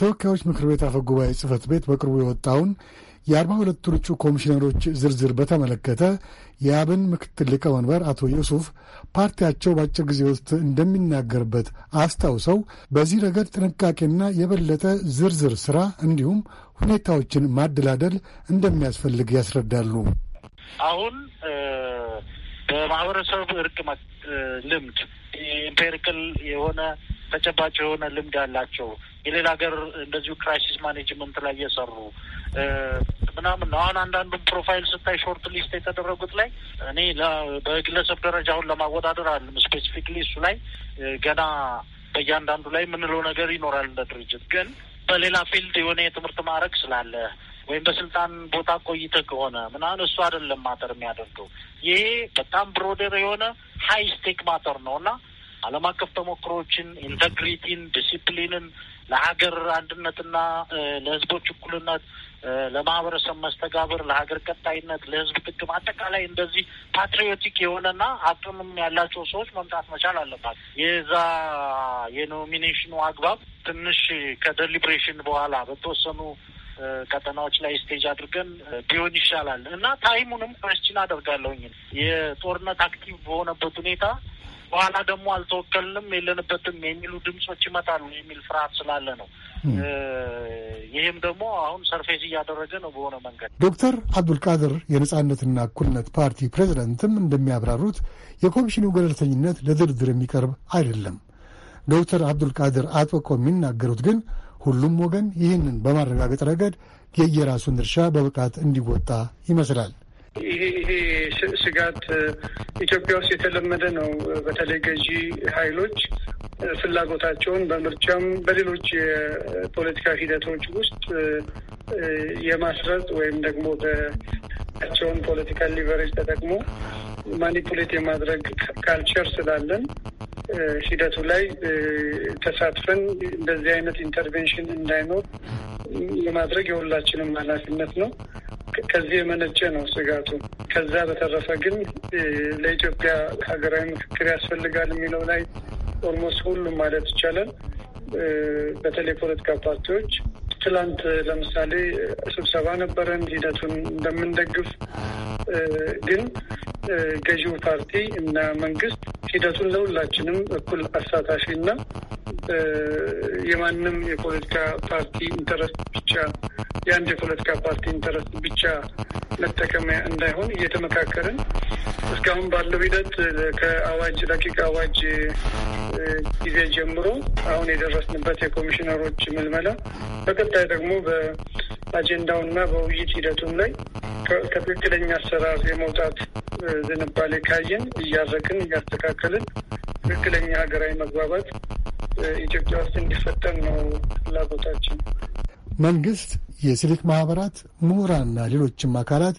የተወካዮች ምክር ቤት አፈ ጉባኤ ጽህፈት ቤት በቅርቡ የወጣውን የአርባ ሁለቱ እጩ ኮሚሽነሮች ዝርዝር በተመለከተ የአብን ምክትል ሊቀመንበር አቶ ዩሱፍ ፓርቲያቸው በአጭር ጊዜ ውስጥ እንደሚናገርበት አስታውሰው በዚህ ረገድ ጥንቃቄና የበለጠ ዝርዝር ስራ እንዲሁም ሁኔታዎችን ማደላደል እንደሚያስፈልግ ያስረዳሉ። አሁን በማህበረሰብ እርቅ ልምድ ኢምፔሪክል የሆነ ተጨባጭ የሆነ ልምድ አላቸው የሌላ ሀገር እንደዚሁ ክራይሲስ ማኔጅመንት ላይ የሰሩ ምናምን አሁን አንዳንዱን ፕሮፋይል ስታይ ሾርት ሊስት የተደረጉት ላይ እኔ በግለሰብ ደረጃ አሁን ለማወዳደር አለም ስፔሲፊክ እሱ ላይ ገና በእያንዳንዱ ላይ የምንለው ነገር ይኖራል። እንደ ድርጅት ግን በሌላ ፊልድ የሆነ የትምህርት ማዕረግ ስላለ ወይም በስልጣን ቦታ ቆይተ ከሆነ ምናምን እሱ አይደለም ማተር የሚያደርገው ይሄ በጣም ብሮደር የሆነ ሀይ ስቴክ ማተር ነው እና ዓለም አቀፍ ተሞክሮችን ኢንተግሪቲን፣ ዲሲፕሊንን ለሀገር አንድነትና ለህዝቦች እኩልነት ለማህበረሰብ መስተጋብር ለሀገር ቀጣይነት ለህዝብ ጥቅም አጠቃላይ እንደዚህ ፓትሪዮቲክ የሆነና አቅምም ያላቸው ሰዎች መምጣት መቻል አለባት። የዛ የኖሚኔሽኑ አግባብ ትንሽ ከደሊብሬሽን በኋላ በተወሰኑ ቀጠናዎች ላይ ስቴጅ አድርገን ቢሆን ይሻላል እና ታይሙንም ኮስችን አደርጋለሁኝ የጦርነት አክቲቭ በሆነበት ሁኔታ በኋላ ደግሞ አልተወከልንም የለንበትም የሚሉ ድምጾች ይመጣሉ የሚል ፍርሃት ስላለ ነው። ይህም ደግሞ አሁን ሰርፌስ እያደረገ ነው በሆነ መንገድ። ዶክተር አብዱልቃድር የነጻነትና እኩልነት ፓርቲ ፕሬዚደንትም እንደሚያብራሩት የኮሚሽኑ ገለልተኝነት ለድርድር የሚቀርብ አይደለም። ዶክተር አብዱልቃድር አጥብቀው የሚናገሩት ግን ሁሉም ወገን ይህንን በማረጋገጥ ረገድ የየራሱን ድርሻ በብቃት እንዲወጣ ይመስላል። ይሄ ይሄ ስጋት ኢትዮጵያ ውስጥ የተለመደ ነው። በተለይ ገዢ ኃይሎች ፍላጎታቸውን በምርጫም በሌሎች የፖለቲካ ሂደቶች ውስጥ የማስረጽ ወይም ደግሞ በቸውን ፖለቲካል ሊቨሬጅ ተጠቅሞ ማኒፑሌት የማድረግ ካልቸር ስላለን ሂደቱ ላይ ተሳትፈን እንደዚህ አይነት ኢንተርቬንሽን እንዳይኖር የማድረግ የሁላችንም ኃላፊነት ነው። ከዚህ የመነጨ ነው ስጋቱ። ከዛ በተረፈ ግን ለኢትዮጵያ ሀገራዊ ምክክር ያስፈልጋል የሚለው ላይ ኦልሞስት ሁሉም ማለት ይቻላል በተለይ ፖለቲካ ፓርቲዎች ትላንት ለምሳሌ ስብሰባ ነበረን። ሂደቱን እንደምንደግፍ ግን ገዢው ፓርቲ እና መንግስት ሂደቱን ለሁላችንም እኩል አሳታፊ እና የማንም የፖለቲካ ፓርቲ ኢንተረስት ብቻ የአንድ የፖለቲካ ፓርቲ ኢንተረስት ብቻ መጠቀሚያ እንዳይሆን እየተመካከርን እስካሁን ባለው ሂደት ከአዋጅ ረቂቅ አዋጅ ጊዜ ጀምሮ አሁን የደረስንበት የኮሚሽነሮች ምልመላ ጉዳይ ደግሞ በአጀንዳውና በውይይት ሂደቱም ላይ ከትክክለኛ አሰራር የመውጣት ዝንባሌ ካየን እያረቅን እያስተካከልን ትክክለኛ ሀገራዊ መግባባት ኢትዮጵያ ውስጥ እንዲፈጠን ነው ፍላጎታችን። መንግስት፣ የሲቪክ ማህበራት፣ ምሁራንና ሌሎችም አካላት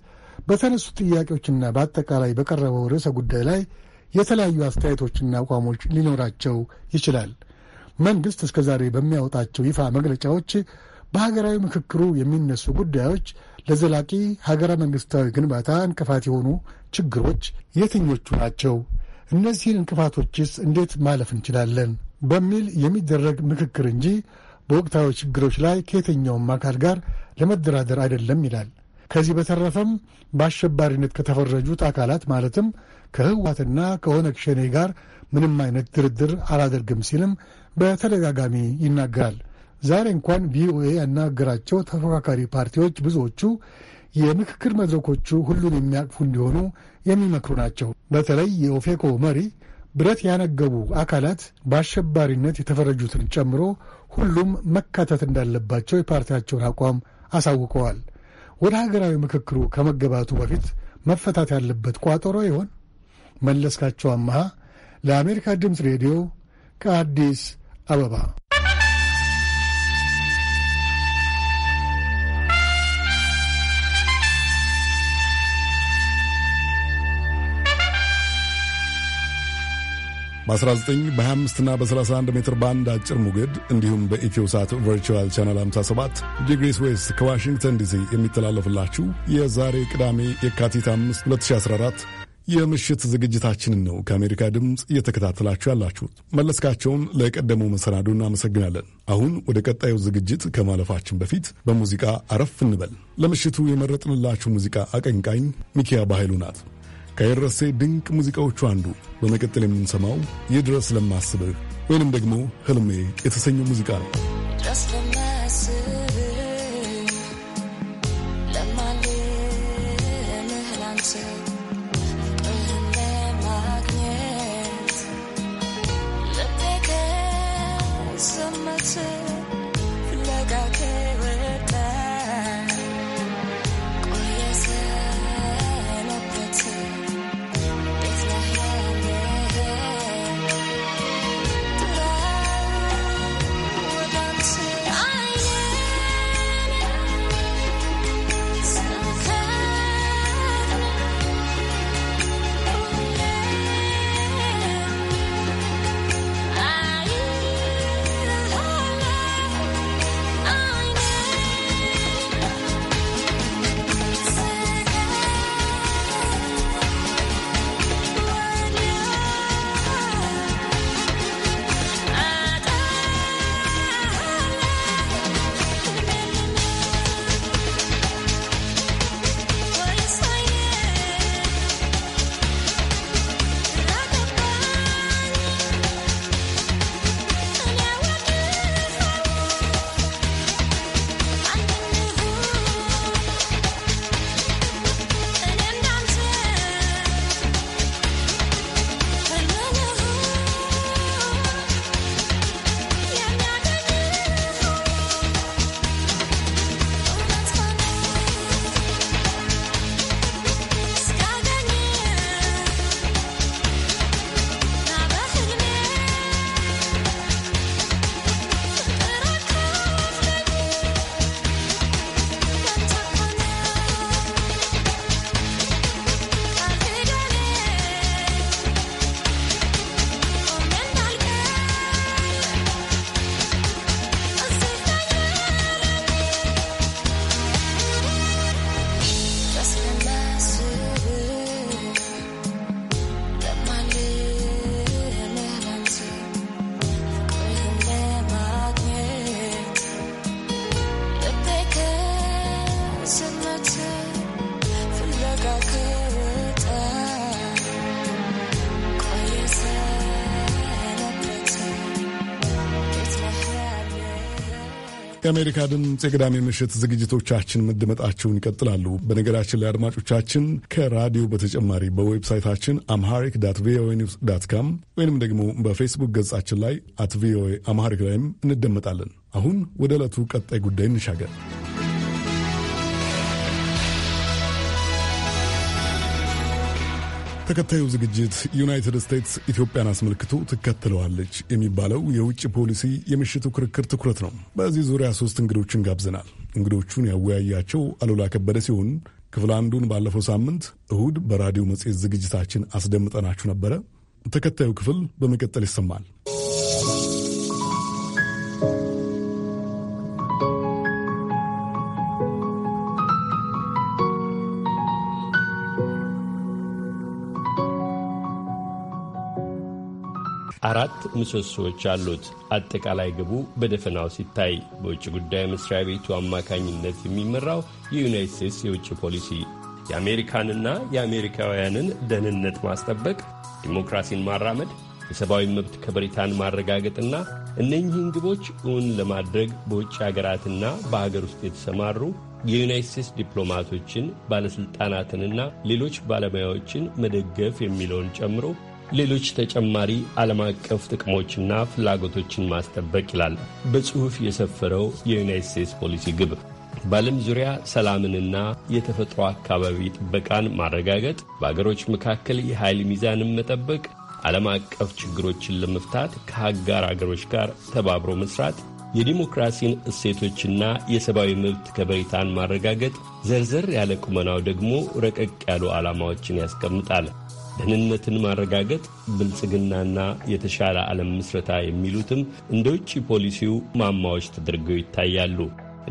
በተነሱ ጥያቄዎችና በአጠቃላይ በቀረበው ርዕሰ ጉዳይ ላይ የተለያዩ አስተያየቶችና አቋሞች ሊኖራቸው ይችላል። መንግሥት እስከ ዛሬ በሚያወጣቸው ይፋ መግለጫዎች በሀገራዊ ምክክሩ የሚነሱ ጉዳዮች ለዘላቂ ሀገረ መንግስታዊ ግንባታ እንቅፋት የሆኑ ችግሮች የትኞቹ ናቸው? እነዚህን እንቅፋቶችስ እንዴት ማለፍ እንችላለን? በሚል የሚደረግ ምክክር እንጂ በወቅታዊ ችግሮች ላይ ከየትኛውም አካል ጋር ለመደራደር አይደለም ይላል። ከዚህ በተረፈም በአሸባሪነት ከተፈረጁት አካላት ማለትም ከህወሓትና ከኦነግ ሸኔ ጋር ምንም አይነት ድርድር አላደርግም ሲልም በተደጋጋሚ ይናገራል። ዛሬ እንኳን ቪኦኤ ያናገራቸው ተፎካካሪ ፓርቲዎች ብዙዎቹ የምክክር መድረኮቹ ሁሉን የሚያቅፉ እንዲሆኑ የሚመክሩ ናቸው። በተለይ የኦፌኮ መሪ ብረት ያነገቡ አካላት በአሸባሪነት የተፈረጁትን ጨምሮ ሁሉም መካተት እንዳለባቸው የፓርቲያቸውን አቋም አሳውቀዋል። ወደ ሀገራዊ ምክክሩ ከመገባቱ በፊት መፈታት ያለበት ቋጠሮ ይሆን? መለስካቸው አመሃ ለአሜሪካ ድምፅ ሬዲዮ ከአዲስ አበባ በ19 በ25ና በ31 ሜትር ባንድ አጭር ሞገድ እንዲሁም በኢትዮ ሳት ቨርቹዋል ቻናል 57 ዲግሪስ ዌስት ከዋሽንግተን ዲሲ የሚተላለፍላችሁ የዛሬ ቅዳሜ የካቲት 5 2014 የምሽት ዝግጅታችንን ነው ከአሜሪካ ድምፅ እየተከታተላችሁ ያላችሁት። መለስካቸውን ለቀደመው መሰናዶ እናመሰግናለን። አሁን ወደ ቀጣዩ ዝግጅት ከማለፋችን በፊት በሙዚቃ አረፍ እንበል። ለምሽቱ የመረጥንላችሁ ሙዚቃ አቀንቃኝ ሚኪያ ባህሉ ናት። ከየረሴ ድንቅ ሙዚቃዎቹ አንዱ በመቀጠል የምንሰማው ይድረስ ለማስብህ ወይንም ደግሞ ህልሜ የተሰኘው ሙዚቃ ነው። የአሜሪካ ድምፅ የቅዳሜ ምሽት ዝግጅቶቻችን መደመጣቸውን ይቀጥላሉ። በነገራችን ላይ አድማጮቻችን ከራዲዮ በተጨማሪ በዌብሳይታችን አምሃሪክ ዳት ቪኦኤ ኒውስ ዳት ካም ወይንም ደግሞ በፌስቡክ ገጻችን ላይ አት ቪኦኤ አምሃሪክ ላይም እንደመጣለን። አሁን ወደ ዕለቱ ቀጣይ ጉዳይ እንሻገር። ተከታዩ ዝግጅት ዩናይትድ ስቴትስ ኢትዮጵያን አስመልክቶ ትከተለዋለች የሚባለው የውጭ ፖሊሲ የምሽቱ ክርክር ትኩረት ነው። በዚህ ዙሪያ ሶስት እንግዶችን ጋብዘናል። እንግዶቹን ያወያያቸው አሉላ ከበደ ሲሆን ክፍል አንዱን ባለፈው ሳምንት እሁድ በራዲዮ መጽሔት ዝግጅታችን አስደምጠናችሁ ነበረ። ተከታዩ ክፍል በመቀጠል ይሰማል። አራት ምሰሶዎች አሉት። አጠቃላይ ግቡ በደፈናው ሲታይ በውጭ ጉዳይ መስሪያ ቤቱ አማካኝነት የሚመራው የዩናይት ስቴትስ የውጭ ፖሊሲ የአሜሪካንና የአሜሪካውያንን ደህንነት ማስጠበቅ፣ ዲሞክራሲን ማራመድ፣ የሰብአዊ መብት ከበሬታን ማረጋገጥና እነኚህን ግቦች እውን ለማድረግ በውጭ አገራትና በአገር ውስጥ የተሰማሩ የዩናይት ስቴትስ ዲፕሎማቶችን ባለሥልጣናትንና ሌሎች ባለሙያዎችን መደገፍ የሚለውን ጨምሮ ሌሎች ተጨማሪ ዓለም አቀፍ ጥቅሞችና ፍላጎቶችን ማስጠበቅ ይላል በጽሑፍ የሰፈረው የዩናይት ስቴትስ ፖሊሲ ግብ። በዓለም ዙሪያ ሰላምንና የተፈጥሮ አካባቢ ጥበቃን ማረጋገጥ፣ በአገሮች መካከል የኃይል ሚዛንን መጠበቅ፣ ዓለም አቀፍ ችግሮችን ለመፍታት ከአጋር አገሮች ጋር ተባብሮ መስራት፣ የዲሞክራሲን እሴቶችና የሰብአዊ መብት ከበሬታን ማረጋገጥ። ዘርዘር ያለ ቁመናው ደግሞ ረቀቅ ያሉ ዓላማዎችን ያስቀምጣል። ደህንነትን ማረጋገጥ፣ ብልጽግናና የተሻለ ዓለም ምስረታ የሚሉትም እንደ ውጭ ፖሊሲው ማማዎች ተደርገው ይታያሉ።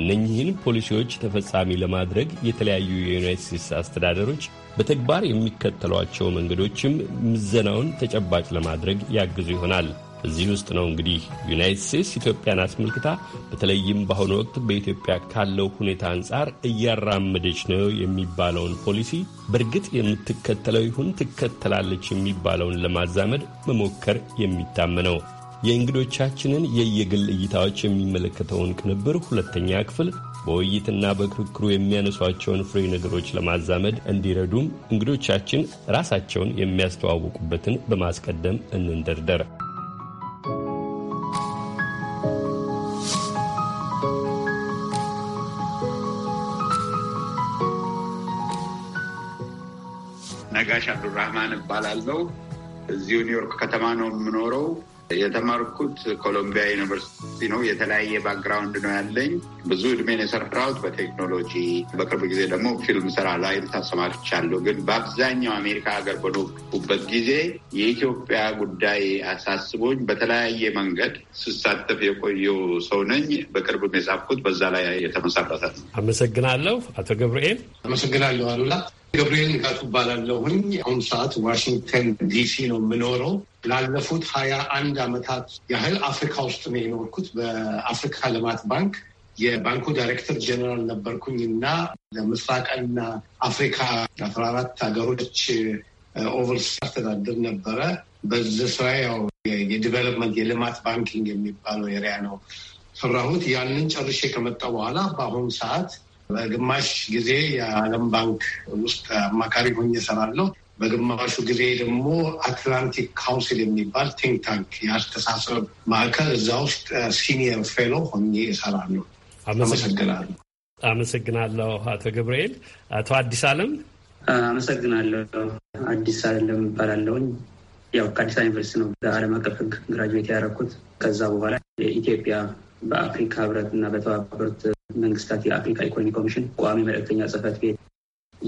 እነኚህን ፖሊሲዎች ተፈጻሚ ለማድረግ የተለያዩ የዩናይት ስቴትስ አስተዳደሮች በተግባር የሚከተሏቸው መንገዶችም ምዘናውን ተጨባጭ ለማድረግ ያግዙ ይሆናል። እዚህ ውስጥ ነው እንግዲህ ዩናይትድ ስቴትስ ኢትዮጵያን አስመልክታ በተለይም በአሁኑ ወቅት በኢትዮጵያ ካለው ሁኔታ አንጻር እያራመደች ነው የሚባለውን ፖሊሲ በእርግጥ የምትከተለው ይሁን ትከተላለች የሚባለውን ለማዛመድ መሞከር የሚታመነው የእንግዶቻችንን የየግል እይታዎች የሚመለከተውን ቅንብር ሁለተኛ ክፍል በውይይትና በክርክሩ የሚያነሷቸውን ፍሬ ነገሮች ለማዛመድ እንዲረዱም እንግዶቻችን ራሳቸውን የሚያስተዋውቁበትን በማስቀደም እንንደርደር። ነጋሽ አብዱራህማን እባላለሁ። እዚሁ ኒውዮርክ ከተማ ነው የምኖረው። የተማርኩት ኮሎምቢያ ዩኒቨርሲቲ ነው። የተለያየ ባክግራውንድ ነው ያለኝ። ብዙ እድሜን የሰራሁት በቴክኖሎጂ፣ በቅርብ ጊዜ ደግሞ ፊልም ስራ ላይ ተሰማርቻለሁ። ግን በአብዛኛው አሜሪካ ሀገር በኖርኩበት ጊዜ የኢትዮጵያ ጉዳይ አሳስቦኝ በተለያየ መንገድ ስሳተፍ የቆየው ሰው ነኝ። በቅርብም የጻፍኩት በዛ ላይ የተመሰረተ ነው። አመሰግናለሁ አቶ ገብርኤል። አመሰግናለሁ አሉላ። ገብርኤል ንጋቱ እባላለሁኝ። አሁን ሰዓት ዋሽንግተን ዲሲ ነው የምኖረው። ላለፉት ሀያ አንድ አመታት ያህል አፍሪካ ውስጥ ነው የኖርኩት። በአፍሪካ ልማት ባንክ የባንኩ ዳይሬክተር ጀነራል ነበርኩኝ እና ለምስራቅና አፍሪካ አስራ አራት ሀገሮች ኦቨርስ አስተዳደር ነበረ። በዚህ ስራ ያው የዲቨሎፕመንት የልማት ባንኪንግ የሚባለው ኤሪያ ነው ሰራሁት። ያንን ጨርሼ ከመጣ በኋላ በአሁኑ ሰዓት በግማሽ ጊዜ የዓለም ባንክ ውስጥ አማካሪ ሆኜ እሰራለሁ። በግማሹ ጊዜ ደግሞ አትላንቲክ ካውንስል የሚባል ቲንክ ታንክ የአስተሳሰብ ማዕከል እዛ ውስጥ ሲኒየር ፌሎ ሆኜ እሰራለሁ። አመሰግናለሁ። አመሰግናለሁ አቶ ገብርኤል። አቶ አዲስ አለም አመሰግናለሁ። አዲስ አለም እባላለሁኝ። ያው ከአዲስ አበባ ዩኒቨርሲቲ ነው በዓለም አቀፍ ሕግ ግራጁዌት ያደረኩት። ከዛ በኋላ የኢትዮጵያ በአፍሪካ ህብረት እና በተባበሩት መንግስታት የአፍሪካ ኢኮኖሚ ኮሚሽን ቋሚ መልእክተኛ ጽህፈት ቤት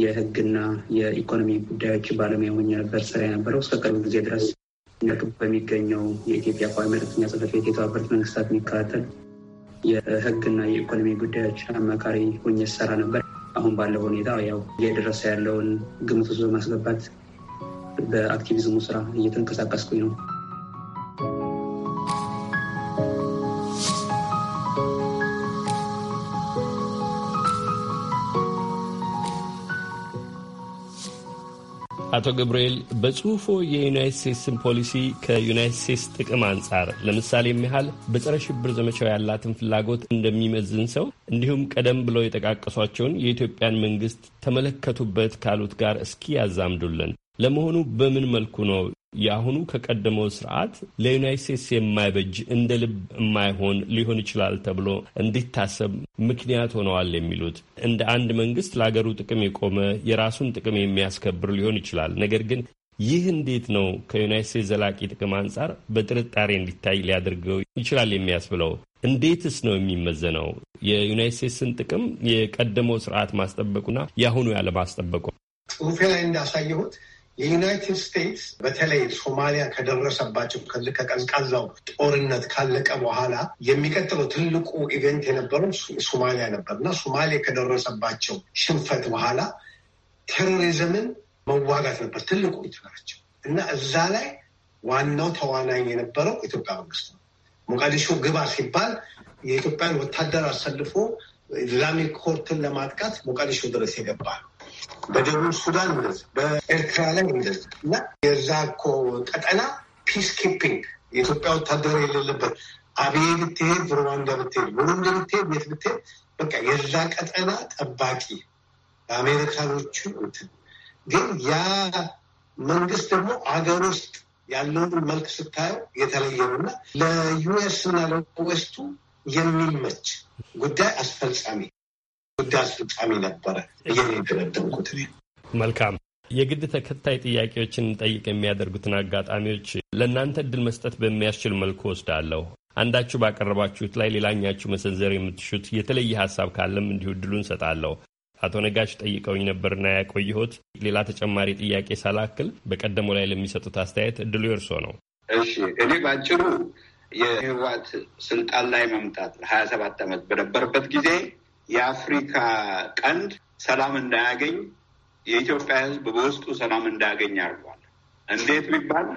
የህግና የኢኮኖሚ ጉዳዮች ባለሙያ ሆኜ ነበር ስራ የነበረው እስከ ቅርብ ጊዜ ድረስ በሚገኘው የኢትዮጵያ ቋሚ መልእክተኛ ጽህፈት ቤት የተባበሩት መንግስታት የሚከታተል የህግና የኢኮኖሚ ጉዳዮች አማካሪ ሆኜ ሰራ ነበር። አሁን ባለው ሁኔታ ያው እየደረሰ ያለውን ግምት ውስጥ በማስገባት በአክቲቪዝሙ ስራ እየተንቀሳቀስኩኝ ነው። አቶ ገብርኤል በጽሁፎ የዩናይት ስቴትስን ፖሊሲ ከዩናይት ስቴትስ ጥቅም አንጻር ለምሳሌ የሚያህል በጸረ ሽብር ዘመቻው ያላትን ፍላጎት እንደሚመዝን ሰው እንዲሁም ቀደም ብለው የጠቃቀሷቸውን የኢትዮጵያን መንግስት ተመለከቱበት ካሉት ጋር እስኪ ያዛምዱልን። ለመሆኑ በምን መልኩ ነው የአሁኑ ከቀደመው ስርዓት ለዩናይት ስቴትስ የማይበጅ እንደ ልብ የማይሆን ሊሆን ይችላል ተብሎ እንዲታሰብ ምክንያት ሆነዋል የሚሉት እንደ አንድ መንግስት ለአገሩ ጥቅም የቆመ የራሱን ጥቅም የሚያስከብር ሊሆን ይችላል። ነገር ግን ይህ እንዴት ነው ከዩናይት ስቴትስ ዘላቂ ጥቅም አንጻር በጥርጣሬ እንዲታይ ሊያደርገው ይችላል የሚያስብለው? እንዴትስ ነው የሚመዘነው? የዩናይት ስቴትስን ጥቅም የቀደመው ስርዓት ማስጠበቁና የአሁኑ ያለማስጠበቁ ጽሁፌ ላይ እንዳሳየሁት የዩናይትድ ስቴትስ በተለይ ሶማሊያ ከደረሰባቸው ከዚህ ከቀዝቃዛው ጦርነት ካለቀ በኋላ የሚቀጥለው ትልቁ ኢቨንት የነበረው ሶማሊያ ነበር እና ሶማሌ ከደረሰባቸው ሽንፈት በኋላ ቴሮሪዝምን መዋጋት ነበር ትልቁ ትናቸው እና እዛ ላይ ዋናው ተዋናይ የነበረው ኢትዮጵያ መንግስት ነው። ሞቃዲሾ ግባ ሲባል የኢትዮጵያን ወታደር አሰልፎ ኢስላሚክ ኮርትን ለማጥቃት ሞቃዲሾ ድረስ የገባ ነው። በደቡብ ሱዳን ምለት በኤርትራ ላይ ምለት እና የዛ እኮ ቀጠና ፒስ ኪፒንግ የኢትዮጵያ ወታደር የሌለበት አብዬ ብትሄድ፣ ሩዋንዳ ብትሄድ፣ ቡሩንዲ ብትሄድ፣ ቤት ብትሄድ በቃ የዛ ቀጠና ጠባቂ በአሜሪካኖቹ እንትን ግን ያ መንግስት ደግሞ አገር ውስጥ ያለውን መልክ ስታየው የተለየ ነው እና ለዩኤስ እና ለዌስቱ የሚመች ጉዳይ አስፈጻሚ ጉዳይ አስፈጻሚ ነበረ እየተረደምኩት። መልካም የግድ ተከታይ ጥያቄዎችን ጠይቅ የሚያደርጉትን አጋጣሚዎች ለእናንተ እድል መስጠት በሚያስችል መልኩ ወስዳለሁ። አንዳችሁ ባቀረባችሁት ላይ ሌላኛችሁ መሰንዘር የምትሹት የተለየ ሀሳብ ካለም እንዲሁ እድሉ እንሰጣለሁ። አቶ ነጋሽ ጠይቀውኝ ነበርና ያቆየሁት ሌላ ተጨማሪ ጥያቄ ሳላክል በቀደሙ ላይ ለሚሰጡት አስተያየት እድሉ የእርሶ ነው። እሺ እኔ ባጭሩ የህወሓት ስልጣን ላይ መምጣት ሀያ ሰባት ዓመት በነበረበት ጊዜ የአፍሪካ ቀንድ ሰላም እንዳያገኝ የኢትዮጵያ ሕዝብ በውስጡ ሰላም እንዳያገኝ አድርጓል። እንዴት ቢባል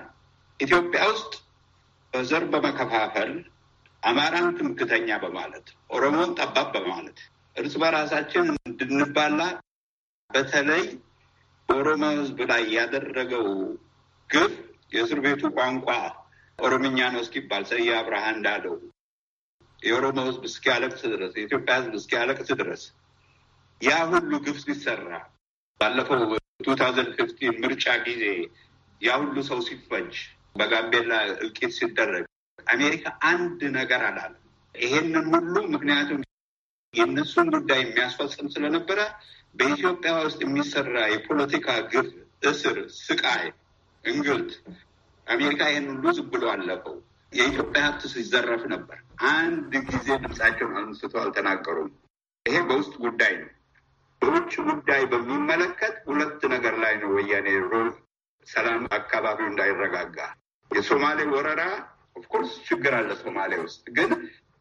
ኢትዮጵያ ውስጥ በዘር በመከፋፈል አማራን ትምክተኛ በማለት ኦሮሞን ጠባብ በማለት እርስ በራሳችን እንድንባላ በተለይ በኦሮሞ ሕዝብ ላይ ያደረገው ግፍ የእስር ቤቱ ቋንቋ ኦሮምኛ ነው እስኪባል ሰያ አብርሃ እንዳለው የኦሮሞ ህዝብ እስኪያለቅስ ድረስ የኢትዮጵያ ህዝብ እስኪያለቅስ ድረስ ያ ሁሉ ግፍ ሲሰራ ባለፈው ቱ ታውዘንድ ፊፍቲን ምርጫ ጊዜ ያ ሁሉ ሰው ሲፈጅ በጋምቤላ እልቂት ሲደረግ አሜሪካ አንድ ነገር አላለም። ይሄንን ሁሉ ምክንያቱም የእነሱን ጉዳይ የሚያስፈጽም ስለነበረ በኢትዮጵያ ውስጥ የሚሰራ የፖለቲካ ግፍ፣ እስር፣ ስቃይ፣ እንግልት አሜሪካ ይህን ሁሉ ዝም ብሎ አለፈው። የኢትዮጵያ ሀብት ሲዘረፍ ነበር። አንድ ጊዜ ድምፃቸውን አንስቶ አልተናገሩም። ይሄ በውስጥ ጉዳይ ነው። በውጭ ጉዳይ በሚመለከት ሁለት ነገር ላይ ነው ወያኔ ሮል ሰላም አካባቢው እንዳይረጋጋ የሶማሌ ወረራ ኦፍኮርስ ችግር አለ ሶማሌ ውስጥ ግን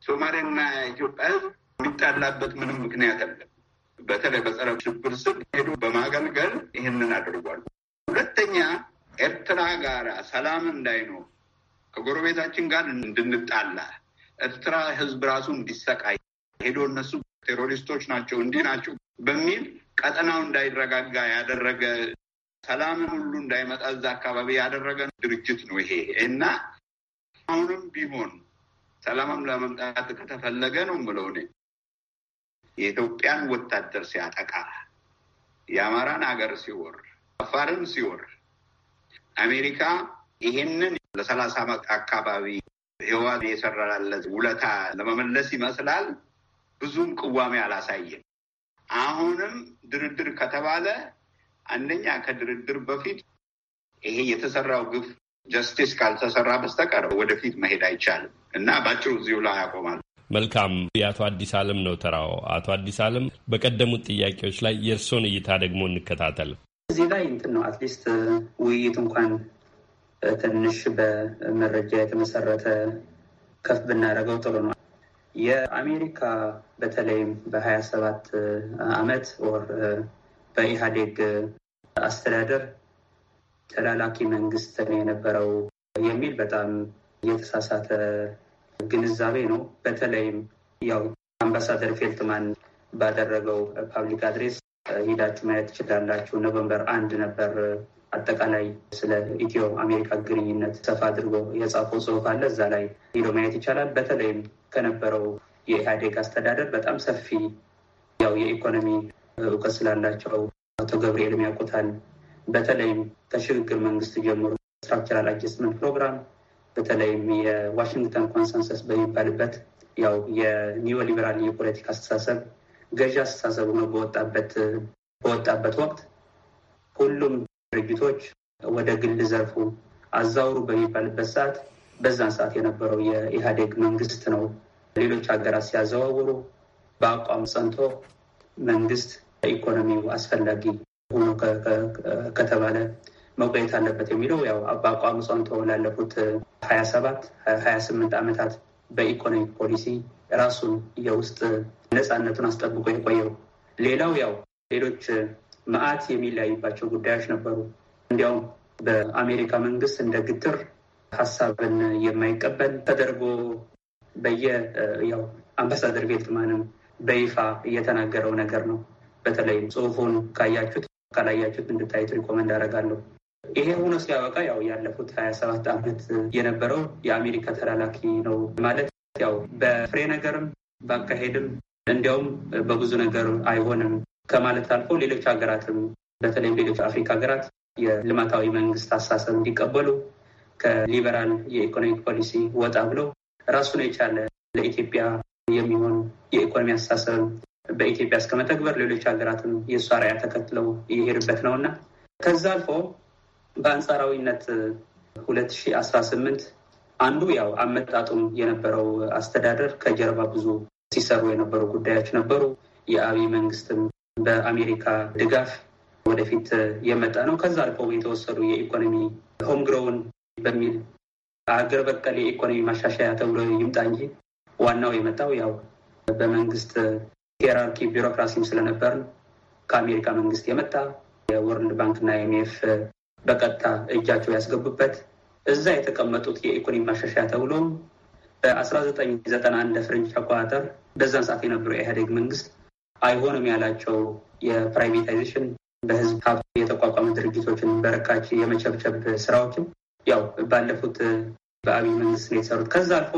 ሶማሌና ኢትዮጵያ ህዝብ የሚጣላበት ምንም ምክንያት አለም። በተለይ በጸረ ሽብር ስብ ሄዱ በማገልገል ይህንን አድርጓል። ሁለተኛ ኤርትራ ጋራ ሰላም እንዳይኖር ከጎረቤታችን ጋር እንድንጣላ ኤርትራ ህዝብ ራሱ እንዲሰቃይ ሄዶ እነሱ ቴሮሪስቶች ናቸው እንዲህ ናቸው በሚል ቀጠናው እንዳይረጋጋ ያደረገ ሰላምን ሁሉ እንዳይመጣ እዛ አካባቢ ያደረገ ድርጅት ነው ይሄ እና አሁንም ቢሆን ሰላምም ለመምጣት ከተፈለገ ነው ምለው እኔ የኢትዮጵያን ወታደር ሲያጠቃ፣ የአማራን ሀገር ሲወር፣ አፋርን ሲወር አሜሪካ ይሄንን ለሰላሳ ዓመት አካባቢ ህዋት የሰራለት ውለታ ለመመለስ ይመስላል ብዙም ቅዋሜ አላሳየም። አሁንም ድርድር ከተባለ አንደኛ ከድርድር በፊት ይሄ የተሰራው ግፍ ጀስቲስ ካልተሰራ በስተቀር ወደፊት መሄድ አይቻልም እና በአጭሩ እዚሁ ላይ ያቆማል። መልካም የአቶ አዲስ አለም ነው ተራው። አቶ አዲስ አለም በቀደሙት ጥያቄዎች ላይ የእርስዎን እይታ ደግሞ እንከታተል። እዚህ ላይ እንትን ነው አትሊስት ውይይት እንኳን ትንሽ በመረጃ የተመሰረተ ከፍ ብናደርገው ጥሩ ነው። የአሜሪካ በተለይም በሀያ ሰባት አመት ወር በኢህአዴግ አስተዳደር ተላላኪ መንግስት የነበረው የሚል በጣም የተሳሳተ ግንዛቤ ነው። በተለይም ያው አምባሳደር ፌልትማን ባደረገው ፓብሊክ አድሬስ ሂዳችሁ ማየት ትችላላችሁ። ኖቨምበር አንድ ነበር አጠቃላይ ስለ ኢትዮ አሜሪካ ግንኙነት ሰፋ አድርጎ የጻፈው ጽሁፍ አለ። እዛ ላይ ሄዶ ማየት ይቻላል። በተለይም ከነበረው የኢህአዴግ አስተዳደር በጣም ሰፊ ያው የኢኮኖሚ እውቀት ስላላቸው አቶ ገብርኤል ያውቁታል። በተለይም ከሽግግር መንግስት ጀምሮ ስትራክቸራል አጀስትመንት ፕሮግራም በተለይም የዋሽንግተን ኮንሰንሰስ በሚባልበት ያው የኒዮ ሊበራል የፖለቲካ አስተሳሰብ ገዢ አስተሳሰብ ነው በወጣበት በወጣበት ወቅት ሁሉም ድርጅቶች ወደ ግል ዘርፉ አዛውሩ በሚባልበት ሰዓት በዛን ሰዓት የነበረው የኢህአዴግ መንግስት ነው ሌሎች ሀገራት ሲያዘዋውሩ በአቋም ጸንቶ መንግስት ኢኮኖሚው አስፈላጊ ሆኖ ከተባለ መቆየት አለበት የሚለው ያው በአቋም ጸንቶ ላለፉት ሀያ ሰባት ሀያ ስምንት ዓመታት በኢኮኖሚክ ፖሊሲ ራሱን የውስጥ ነፃነቱን አስጠብቆ የቆየው ሌላው ያው ሌሎች መዓት የሚለያይባቸው ጉዳዮች ነበሩ። እንዲያውም በአሜሪካ መንግስት እንደ ግትር ሀሳብን የማይቀበል ተደርጎ በየ ያው አምባሳደር ጌልትማንም በይፋ እየተናገረው ነገር ነው። በተለይ ጽሁፉን ካያችሁት ካላያችሁት እንድታዩት ሪኮመንድ አደርጋለሁ። ይሄ ሆኖ ሲያበቃ ያው ያለፉት ሀያ ሰባት ዓመት የነበረው የአሜሪካ ተላላኪ ነው ማለት ያው በፍሬ ነገርም በአካሄድም እንዲያውም በብዙ ነገር አይሆንም ከማለት አልፎ ሌሎች ሀገራትም በተለይም ሌሎች አፍሪካ ሀገራት የልማታዊ መንግስት አሳሰብ እንዲቀበሉ ከሊበራል የኢኮኖሚክ ፖሊሲ ወጣ ብሎ ራሱን የቻለ ለኢትዮጵያ የሚሆን የኢኮኖሚ አስተሳሰብ በኢትዮጵያ እስከመተግበር ሌሎች ሀገራትም የእሱ አርአያ ተከትለው እየሄዱበት ነው እና ከዛ አልፎ በአንጻራዊነት ሁለት ሺ አስራ ስምንት አንዱ ያው አመጣጡም የነበረው አስተዳደር ከጀርባ ብዙ ሲሰሩ የነበሩ ጉዳዮች ነበሩ። የአብይ መንግስትም በአሜሪካ ድጋፍ ወደፊት የመጣ ነው። ከዛ አልፎ የተወሰዱ የኢኮኖሚ ሆምግሮውን በሚል አገር በቀል የኢኮኖሚ ማሻሻያ ተብሎ ይምጣ እንጂ ዋናው የመጣው ያው በመንግስት ሄራርኪ ቢሮክራሲም ስለነበር ከአሜሪካ መንግስት የመጣ የወርልድ ባንክና ኤምኤፍ በቀጥታ እጃቸው ያስገቡበት እዛ የተቀመጡት የኢኮኖሚ ማሻሻያ ተብሎም በ1991 እንደ ፈረንጅ አቆጣጠር በዛን ሰዓት የነበረው የኢህአዴግ መንግስት አይሆንም ያላቸው የፕራይቬታይዜሽን በህዝብ ሀብት የተቋቋመ ድርጅቶችን በርካች የመቸብቸብ ስራዎችም ያው ባለፉት በአብይ መንግስት ነው የተሰሩት። ከዛ አልፎ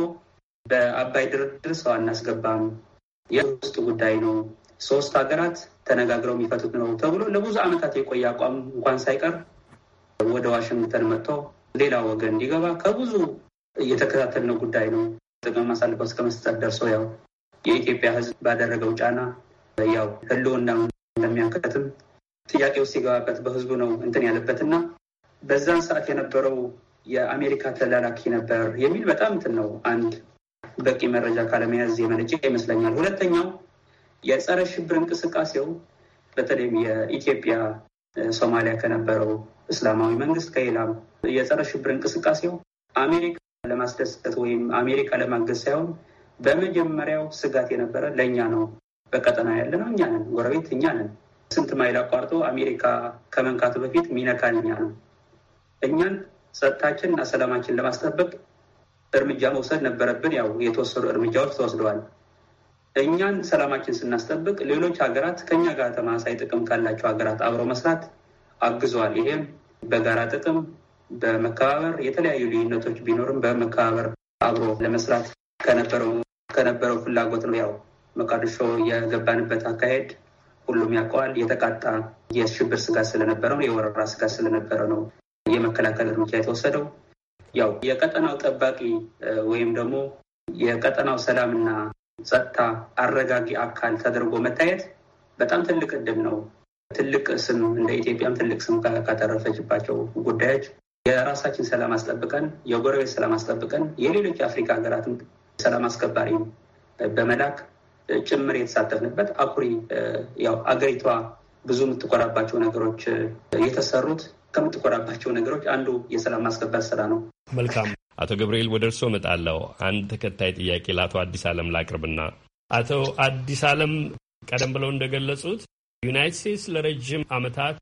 በአባይ ድርድር ሰው አናስገባም የውስጥ ጉዳይ ነው፣ ሶስት ሀገራት ተነጋግረው የሚፈቱት ነው ተብሎ ለብዙ ዓመታት የቆየ አቋም እንኳን ሳይቀር ወደ ዋሽንግተን መጥቶ ሌላ ወገን እንዲገባ ከብዙ እየተከታተልነው ጉዳይ ነው ጥቅም አሳልፈው እስከ መስጠት ደርሶ ያው የኢትዮጵያ ህዝብ ባደረገው ጫና ያው ህልውና እንደሚያንከትም ጥያቄ ውስጥ ሲገባበት በህዝቡ ነው እንትን ያለበት እና በዛን ሰዓት የነበረው የአሜሪካ ተላላኪ ነበር የሚል በጣም እንትን ነው። አንድ በቂ መረጃ ካለመያዝ የመነጨ ይመስለኛል። ሁለተኛው የጸረ ሽብር እንቅስቃሴው በተለይም የኢትዮጵያ ሶማሊያ ከነበረው እስላማዊ መንግስት ከሌላም የጸረ ሽብር እንቅስቃሴው አሜሪካ ለማስደሰት ወይም አሜሪካ ለማገዝ ሳይሆን በመጀመሪያው ስጋት የነበረ ለእኛ ነው በቀጠና ያለ ነው። እኛ ነን ጎረቤት፣ እኛ ነን። ስንት ማይል አቋርጦ አሜሪካ ከመንካቱ በፊት ሚነካን እኛ ነው። እኛን ጸጥታችን እና ሰላማችን ለማስጠበቅ እርምጃ መውሰድ ነበረብን። ያው የተወሰዱ እርምጃዎች ተወስደዋል። እኛን ሰላማችን ስናስጠብቅ ሌሎች ሀገራት ከኛ ጋር ተመሳሳይ ጥቅም ካላቸው ሀገራት አብሮ መስራት አግዘዋል። ይሄም በጋራ ጥቅም በመከባበር የተለያዩ ልዩነቶች ቢኖርም በመከባበር አብሮ ለመስራት ከነበረው ከነበረው ፍላጎት ነው ያው መቃዲሾ የገባንበት አካሄድ ሁሉም ያውቀዋል። የተቃጣ የሽብር ስጋት ነው፣ የወረራ ስጋት ስለነበረ ነው የመከላከል እርምጃ የተወሰደው። ያው የቀጠናው ጠባቂ ወይም ደግሞ የቀጠናው ሰላምና ጸጥታ አረጋጊ አካል ተደርጎ መታየት በጣም ትልቅ እድል ነው። ትልቅ ስም እንደ ኢትዮጵያም ትልቅ ስም ካተረፈችባቸው ጉዳዮች የራሳችን ሰላም አስጠብቀን፣ የጎረቤት ሰላም አስጠብቀን የሌሎች የአፍሪካ ሀገራትን ሰላም አስከባሪ በመላክ ጭምር የተሳተፍንበት አኩሪ ያው አገሪቷ ብዙ የምትኮራባቸው ነገሮች የተሰሩት ከምትኮራባቸው ነገሮች አንዱ የሰላም ማስከበር ስራ ነው። መልካም አቶ ገብርኤል ወደ እርስዎ እመጣለሁ። አንድ ተከታይ ጥያቄ ለአቶ አዲስ አለም ላቅርብና አቶ አዲስ አለም ቀደም ብለው እንደገለጹት ዩናይት ስቴትስ ለረጅም ዓመታት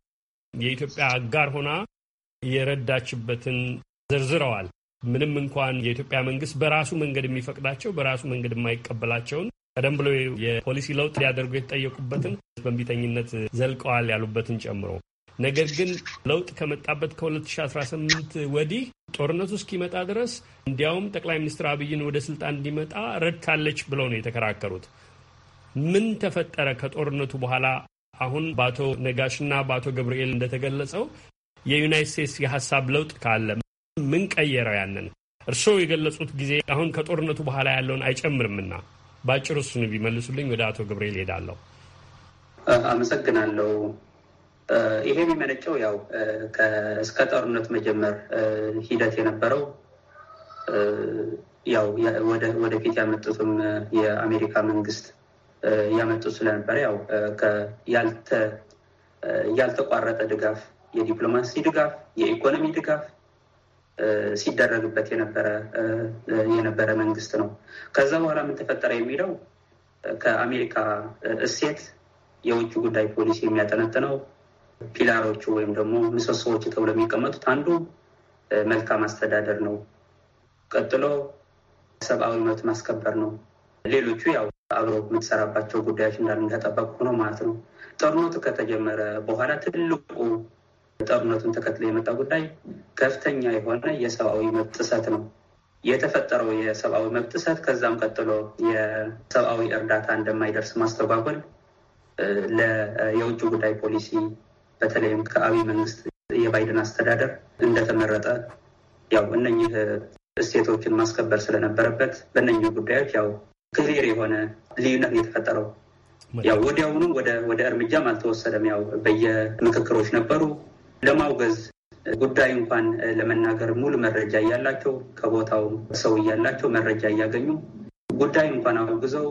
የኢትዮጵያ አጋር ሆና የረዳችበትን ዘርዝረዋል። ምንም እንኳን የኢትዮጵያ መንግስት በራሱ መንገድ የሚፈቅዳቸው በራሱ መንገድ የማይቀበላቸውን ቀደም ብሎ የፖሊሲ ለውጥ ሊያደርጉ የተጠየቁበትን በእንቢተኝነት ዘልቀዋል ያሉበትን ጨምሮ ነገር ግን ለውጥ ከመጣበት ከ2018 ወዲህ ጦርነቱ እስኪመጣ ድረስ እንዲያውም ጠቅላይ ሚኒስትር አብይን ወደ ስልጣን እንዲመጣ ረድታለች ብለው ነው የተከራከሩት። ምን ተፈጠረ ከጦርነቱ በኋላ? አሁን በአቶ ነጋሽና በአቶ ገብርኤል እንደተገለጸው የዩናይት ስቴትስ የሀሳብ ለውጥ ካለ ምን ቀየረው? ያንን እርስዎ የገለጹት ጊዜ አሁን ከጦርነቱ በኋላ ያለውን አይጨምርምና በአጭሩ እሱን ቢመልሱልኝ ወደ አቶ ገብርኤል ሄዳለሁ። አመሰግናለሁ። ይሄ የሚመነጨው ያው እስከ ጦርነት መጀመር ሂደት የነበረው ያው ወደፊት ያመጡትም የአሜሪካ መንግስት ያመጡት ስለነበረ ያው ያልተቋረጠ ድጋፍ፣ የዲፕሎማሲ ድጋፍ፣ የኢኮኖሚ ድጋፍ ሲደረግበት የነበረ መንግስት ነው። ከዛ በኋላ ምን ተፈጠረ የሚለው ከአሜሪካ እሴት የውጭ ጉዳይ ፖሊሲ የሚያጠነጥነው ፒላሮቹ ወይም ደግሞ ምሰሶዎች ተብሎ የሚቀመጡት አንዱ መልካም አስተዳደር ነው። ቀጥሎ ሰብአዊ መብት ማስከበር ነው። ሌሎቹ ያው አብሮ የምትሰራባቸው ጉዳዮች እንዳሉ እንደተጠበቁ ነው ማለት ነው። ጦርነቱ ከተጀመረ በኋላ ትልቁ ጦርነቱን ተከትሎ የመጣ ጉዳይ ከፍተኛ የሆነ የሰብአዊ መብት ጥሰት ነው። የተፈጠረው የሰብአዊ መብት ጥሰት ከዛም ቀጥሎ የሰብአዊ እርዳታ እንደማይደርስ ማስተጓጎል የውጭ ጉዳይ ፖሊሲ በተለይም ከአብይ መንግስት የባይደን አስተዳደር እንደተመረጠ ያው እነኚህ እሴቶችን ማስከበር ስለነበረበት በእነኚህ ጉዳዮች ያው ክሊር የሆነ ልዩነት የተፈጠረው ያው ወዲያውኑ ወደ እርምጃም አልተወሰደም። ያው በየምክክሮች ነበሩ ለማውገዝ ጉዳይ እንኳን ለመናገር ሙሉ መረጃ እያላቸው ከቦታው ሰው እያላቸው መረጃ እያገኙ ጉዳይ እንኳን አውግዘው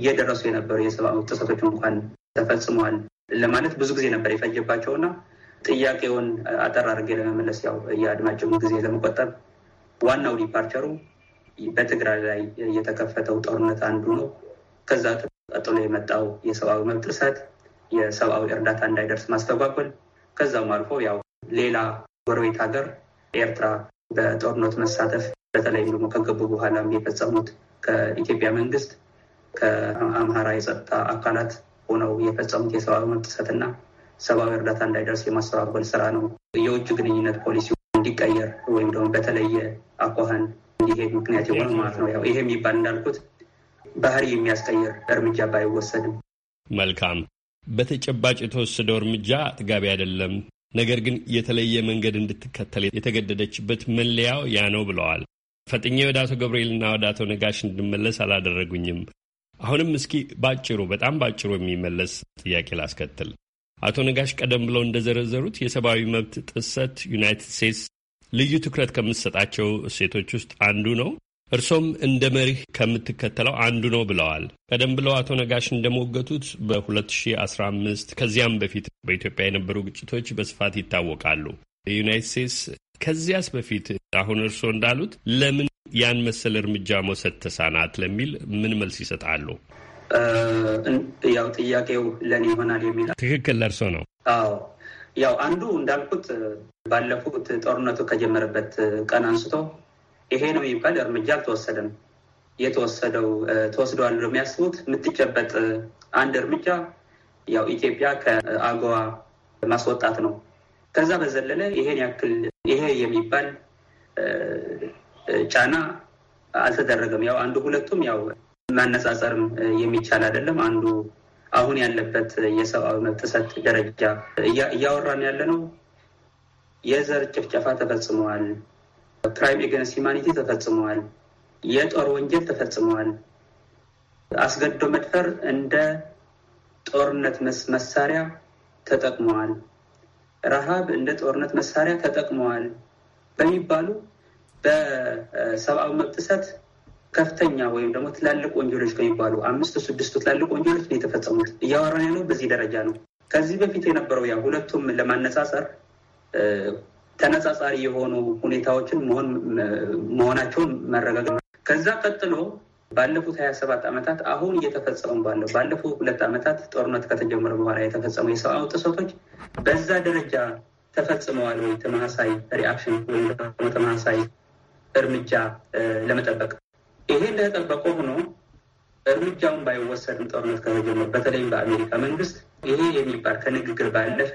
እየደረሱ የነበሩ የሰብአዊ ጥሰቶች እንኳን ተፈጽመዋል ለማለት ብዙ ጊዜ ነበር የፈጀባቸውና ጥያቄውን አጠር አድርጌ ለመመለስ ያው የአድማጭውን ጊዜ ለመቆጠብ ዋናው ዲፓርቸሩ በትግራይ ላይ የተከፈተው ጦርነት አንዱ ነው። ከዛ ቀጥሎ የመጣው የሰብአዊ መብት ጥሰት፣ የሰብአዊ እርዳታ እንዳይደርስ ማስተጓጎል ከዛም አልፎ ያው ሌላ ጎረቤት ሀገር ኤርትራ በጦርነት መሳተፍ በተለይም ደግሞ ከገቡ በኋላ የፈጸሙት ከኢትዮጵያ መንግስት ከአምሃራ የጸጥታ አካላት ሆነው የፈጸሙት የሰብአዊ መብት ጥሰትና ሰብአዊ እርዳታ እንዳይደርስ የማስተባበል ስራ ነው። የውጭ ግንኙነት ፖሊሲ እንዲቀየር ወይም ደግሞ በተለየ አኳህን እንዲሄድ ምክንያት የሆነ ማለት ነው። ያው ይሄ የሚባል እንዳልኩት ባህሪ የሚያስቀይር እርምጃ ባይወሰድም መልካም በተጨባጭ የተወሰደው እርምጃ አጥጋቢ አይደለም፣ ነገር ግን የተለየ መንገድ እንድትከተል የተገደደችበት መለያው ያ ነው ብለዋል። ፈጥኜ ወደ አቶ ገብርኤልና ወደ አቶ ነጋሽ እንድመለስ አላደረጉኝም። አሁንም እስኪ ባጭሩ፣ በጣም ባጭሩ የሚመለስ ጥያቄ ላስከትል። አቶ ነጋሽ ቀደም ብለው እንደዘረዘሩት የሰብአዊ መብት ጥሰት ዩናይትድ ስቴትስ ልዩ ትኩረት ከምትሰጣቸው እሴቶች ውስጥ አንዱ ነው። እርሶም እንደ መሪህ ከምትከተለው አንዱ ነው ብለዋል። ቀደም ብለው አቶ ነጋሽ እንደሞገቱት በ2015 ከዚያም በፊት በኢትዮጵያ የነበሩ ግጭቶች በስፋት ይታወቃሉ። ዩናይት ስቴትስ ከዚያስ በፊት አሁን እርስዎ እንዳሉት ለምን ያን መሰል እርምጃ መውሰድ ተሳናት ለሚል ምን መልስ ይሰጣሉ? ያው ጥያቄው ለእኔ ይሆናል የሚል ትክክል ለእርስዎ ነው? አዎ ያው አንዱ እንዳልኩት ባለፉት ጦርነቱ ከጀመረበት ቀን አንስቶ ይሄ ነው የሚባል እርምጃ አልተወሰደም። የተወሰደው ተወስደዋል ነው የሚያስቡት የምትጨበጥ አንድ እርምጃ ያው ኢትዮጵያ ከአገዋ ማስወጣት ነው። ከዛ በዘለለ ይሄን ያክል ይሄ የሚባል ጫና አልተደረገም። ያው አንዱ ሁለቱም ያው ማነጻጸር የሚቻል አይደለም። አንዱ አሁን ያለበት የሰብአዊ መብት ጥሰት ደረጃ እያወራን ያለ ነው የዘር ጭፍጨፋ ተፈጽመዋል ክራይም ኤገንስት ሂማኒቲ ተፈጽመዋል። የጦር ወንጀል ተፈጽመዋል። አስገድዶ መድፈር እንደ ጦርነት መሳሪያ ተጠቅመዋል። ረሃብ እንደ ጦርነት መሳሪያ ተጠቅመዋል በሚባሉ በሰብአዊ መብት ጥሰት ከፍተኛ ወይም ደግሞ ትላልቅ ወንጀሎች ከሚባሉ አምስቱ ስድስቱ ትላልቅ ወንጀሎች ነው የተፈጸሙት። እያወራን ያለው በዚህ ደረጃ ነው። ከዚህ በፊት የነበረው ያ ሁለቱም ለማነጻጸር ተነጻጻሪ የሆኑ ሁኔታዎችን መሆናቸውን መረጋገጥ ከዛ ቀጥሎ ባለፉት ሀያ ሰባት ዓመታት አሁን እየተፈጸሙ ባለው ባለፉት ሁለት ዓመታት ጦርነት ከተጀመረ በኋላ የተፈጸሙ የሰብአዊ ጥሰቶች በዛ ደረጃ ተፈጽመዋል ወይ ተመሳሳይ ሪአክሽን ወይም ደግሞ ተመሳሳይ እርምጃ ለመጠበቅ ይሄ እንደተጠበቀ ሆኖ እርምጃውን ባይወሰድም ጦርነት ከተጀመረ በተለይም በአሜሪካ መንግስት ይሄ የሚባል ከንግግር ባለፈ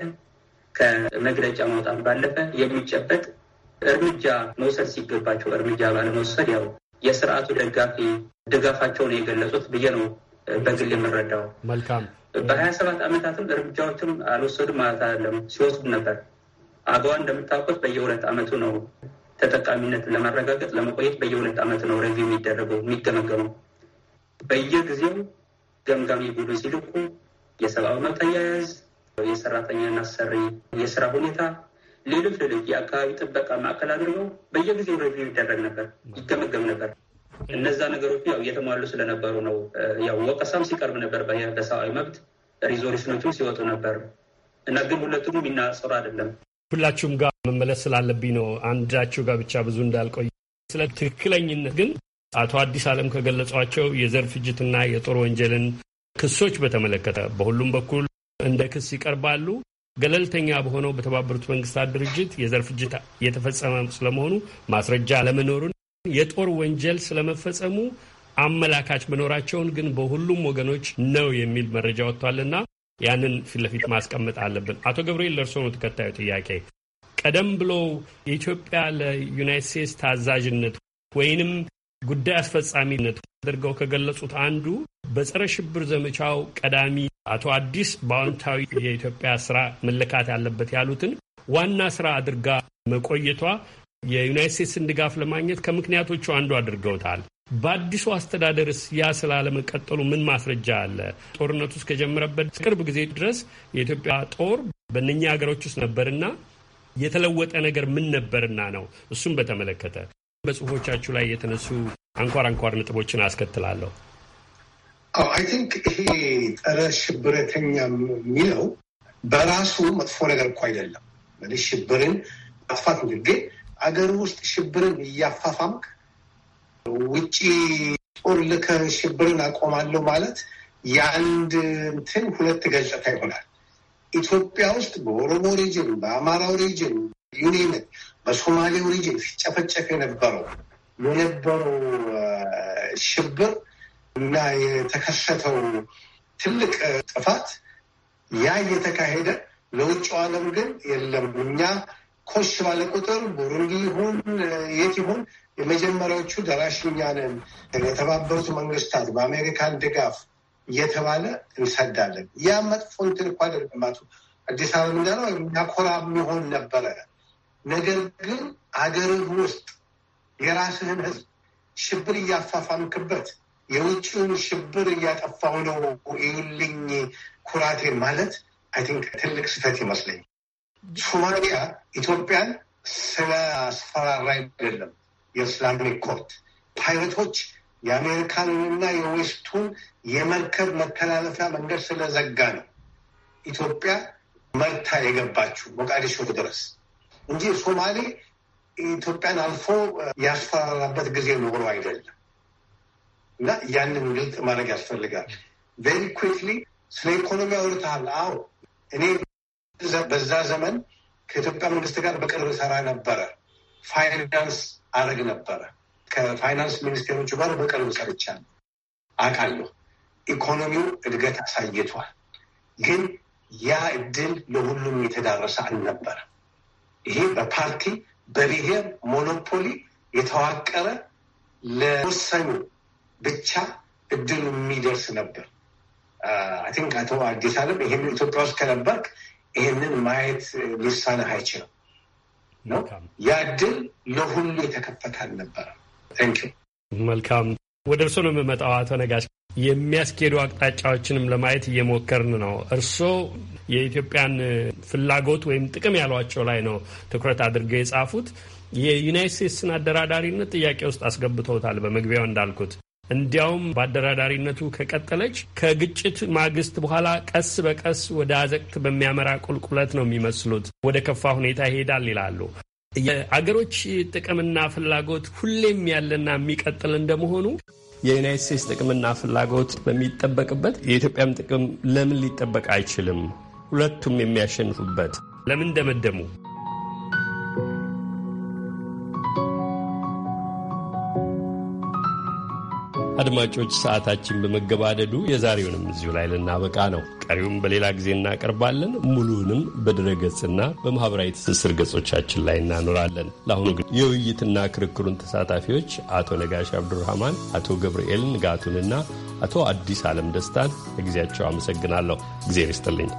ከመግለጫ ማውጣት ባለፈ የሚጨበጥ እርምጃ መውሰድ ሲገባቸው እርምጃ ባለመውሰድ ያው የስርዓቱ ደጋፊ ድጋፋቸውን የገለጹት ብዬ ነው በግል የምረዳው። መልካም በሀያ ሰባት ዓመታትም እርምጃዎችም አልወሰዱ ማለት አይደለም፣ ሲወስዱ ነበር። አገዋ እንደምታውቁት በየሁለት ዓመቱ ነው ተጠቃሚነት ለማረጋገጥ ለመቆየት በየሁለት አመቱ ነው ሬቪው የሚደረገው የሚገመገመው። በየጊዜው ገምጋሚ ቡድን ሲልኩ የሰብአዊ መብት አያያዝ የሰራተኛና አሰሪ የስራ ሁኔታ፣ ሌሎች ሌሎች የአካባቢ ጥበቃ ማዕከል አድርገው በየጊዜው ሬቪው ይደረግ ነበር፣ ይገመገም ነበር። እነዛ ነገሮች ያው እየተሟሉ ስለነበሩ ነው። ያው ወቀሳም ሲቀርብ ነበር በሰብአዊ መብት ሪዞሉሽኖችም ሲወጡ ነበር እና ግን ሁለቱም የሚናጽሩ አይደለም። ሁላችሁም ጋር መመለስ ስላለብኝ ነው አንዳችሁ ጋር ብቻ ብዙ እንዳልቆይ። ስለ ትክክለኝነት ግን አቶ አዲስ አለም ከገለጿቸው የዘር ፍጅትና የጦር ወንጀልን ክሶች በተመለከተ በሁሉም በኩል እንደ ክስ ይቀርባሉ። ገለልተኛ በሆነው በተባበሩት መንግስታት ድርጅት የዘር ፍጅት የተፈጸመ ስለመሆኑ ማስረጃ ለመኖሩን የጦር ወንጀል ስለመፈጸሙ አመላካች መኖራቸውን ግን በሁሉም ወገኖች ነው የሚል መረጃ ወጥቷልና ያንን ፊት ለፊት ማስቀመጥ አለብን። አቶ ገብርኤል ለእርሶ ነው ተከታዩ ጥያቄ። ቀደም ብሎ የኢትዮጵያ ለዩናይት ስቴትስ ታዛዥነት ወይንም ጉዳይ አስፈጻሚነት አድርገው ከገለጹት አንዱ በጸረ ሽብር ዘመቻው ቀዳሚ አቶ አዲስ በአዎንታዊ የኢትዮጵያ ስራ መለካት ያለበት ያሉትን ዋና ስራ አድርጋ መቆየቷ የዩናይት ስቴትስን ድጋፍ ለማግኘት ከምክንያቶቹ አንዱ አድርገውታል። በአዲሱ አስተዳደርስ ያ ስላለመቀጠሉ ምን ማስረጃ አለ? ጦርነቱ እስከጀመረበት ቅርብ ጊዜ ድረስ የኢትዮጵያ ጦር በእነኛ ሀገሮች ውስጥ ነበርና የተለወጠ ነገር ምን ነበርና ነው? እሱም በተመለከተ በጽሁፎቻችሁ ላይ የተነሱ አንኳር አንኳር ነጥቦችን አስከትላለሁ። አይ ቲንክ ይሄ ጸረ ሽብረተኛ የሚለው በራሱ መጥፎ ነገር እኮ አይደለም። ሽብርን ማጥፋት እንጂ ግን አገር ውስጥ ሽብርን እያፋፋምክ ውጭ ጦር ልከ ሽብርን አቆማለሁ ማለት የአንድ እንትን ሁለት ገጽታ ይሆናል። ኢትዮጵያ ውስጥ በኦሮሞ ሪጅን፣ በአማራው ሪጅን ዩኔምን በሶማሌው ሪጅን ሲጨፈጨፍ የነበረው የነበረው ሽብር እና የተከሰተው ትልቅ ጥፋት ያ እየተካሄደ ለውጭ ዓለም ግን የለም። እኛ ኮሽ ባለ ቁጥር ቡሩንዲ ይሁን የት ይሁን የመጀመሪያዎቹ ደራሽኛ ነን፣ የተባበሩት መንግስታት በአሜሪካን ድጋፍ እየተባለ እንሰዳለን። ያ መጥፎ እንትን እኮ አደርግማቱ አዲስ አበባ እንዳለው የሚያኮራ የሚሆን ነበረ ነገር ግን አገርህ ውስጥ የራስህን ህዝብ ሽብር እያፋፋምክበት የውጭውን ሽብር እያጠፋው ነው ይልኝ ኩራቴ ማለት አይ ቲንክ ትልቅ ስህተት ይመስለኝ። ሶማሊያ ኢትዮጵያን ስለ አስፈራራ አይደለም የእስላሚክ ኮርት ፓይረቶች የአሜሪካንና የዌስቱን የመርከብ መተላለፊያ መንገድ ስለዘጋ ነው ኢትዮጵያ መርታ የገባችው ሞቃዲሾ ድረስ እንጂ ሶማሌ ኢትዮጵያን አልፎ ያስፈራራበት ጊዜ ኖሮ አይደለም። እና ያንን ግልጽ ማድረግ ያስፈልጋል። ቬሪ ኩክሊ ስለ ኢኮኖሚ አውርተሃል። አዎ እኔ በዛ ዘመን ከኢትዮጵያ መንግስት ጋር በቅርብ ሰራ ነበረ። ፋይናንስ አረግ ነበረ። ከፋይናንስ ሚኒስቴሮቹ ጋር በቅርብ ሰርቻለሁ፣ አውቃለሁ። ኢኮኖሚው እድገት አሳይቷል። ግን ያ እድል ለሁሉም የተዳረሰ አልነበረም። ይሄ በፓርቲ በብሔር ሞኖፖሊ የተዋቀረ ለወሰኑ ብቻ እድል የሚደርስ ነበር። አይ ቲንክ አቶ አዲስ አለም ይህን ኢትዮጵያ ውስጥ ከነበርክ ይህንን ማየት ሊሳነህ አይችልም ነው ያ እድል ለሁሉ የተከፈተ አልነበረም። መልካም ወደ እርስዎ ነው የምመጣው አቶ ነጋሽ። የሚያስኬዱ አቅጣጫዎችንም ለማየት እየሞከርን ነው። እርስዎ የኢትዮጵያን ፍላጎት ወይም ጥቅም ያሏቸው ላይ ነው ትኩረት አድርገው የጻፉት። የዩናይት ስቴትስን አደራዳሪነት ጥያቄ ውስጥ አስገብተውታል። በመግቢያው እንዳልኩት እንዲያውም በአደራዳሪነቱ ከቀጠለች ከግጭት ማግስት በኋላ ቀስ በቀስ ወደ አዘቅት በሚያመራ ቁልቁለት ነው የሚመስሉት፣ ወደ ከፋ ሁኔታ ይሄዳል ይላሉ። የአገሮች ጥቅምና ፍላጎት ሁሌም ያለና የሚቀጥል እንደመሆኑ የዩናይት ስቴትስ ጥቅምና ፍላጎት በሚጠበቅበት የኢትዮጵያም ጥቅም ለምን ሊጠበቅ አይችልም? ሁለቱም የሚያሸንፉበት ለምን ደመደሙ? አድማጮች፣ ሰዓታችን በመገባደዱ የዛሬውንም እዚሁ ላይ ልናበቃ ነው። ቀሪውም በሌላ ጊዜ እናቀርባለን። ሙሉውንም በድረገጽና በማኅበራዊ ትስስር ገጾቻችን ላይ እናኖራለን። ለአሁኑ ግን የውይይትና ክርክሩን ተሳታፊዎች አቶ ነጋሽ አብዱራህማን፣ አቶ ገብርኤል ንጋቱንና አቶ አዲስ ዓለም ደስታን ለጊዜያቸው አመሰግናለሁ። እግዜር ይስጥልኝ።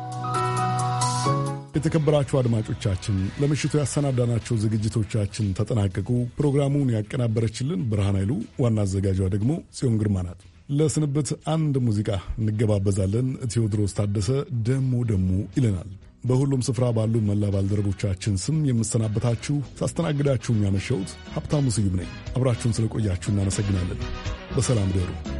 የተከበራችሁ አድማጮቻችን ለምሽቱ ያሰናዳናቸው ዝግጅቶቻችን ተጠናቀቁ። ፕሮግራሙን ያቀናበረችልን ብርሃን ኃይሉ፣ ዋና አዘጋጇ ደግሞ ጽዮን ግርማ ናት። ለስንብት አንድ ሙዚቃ እንገባበዛለን። ቴዎድሮስ ታደሰ ደሞ ደሞ ይለናል። በሁሉም ስፍራ ባሉ መላ ባልደረቦቻችን ስም የምሰናበታችሁ ሳስተናግዳችሁ የሚያመሸውት ሀብታሙ ስዩም ነኝ። አብራችሁን ስለቆያችሁ እናመሰግናለን። በሰላም ደሩ።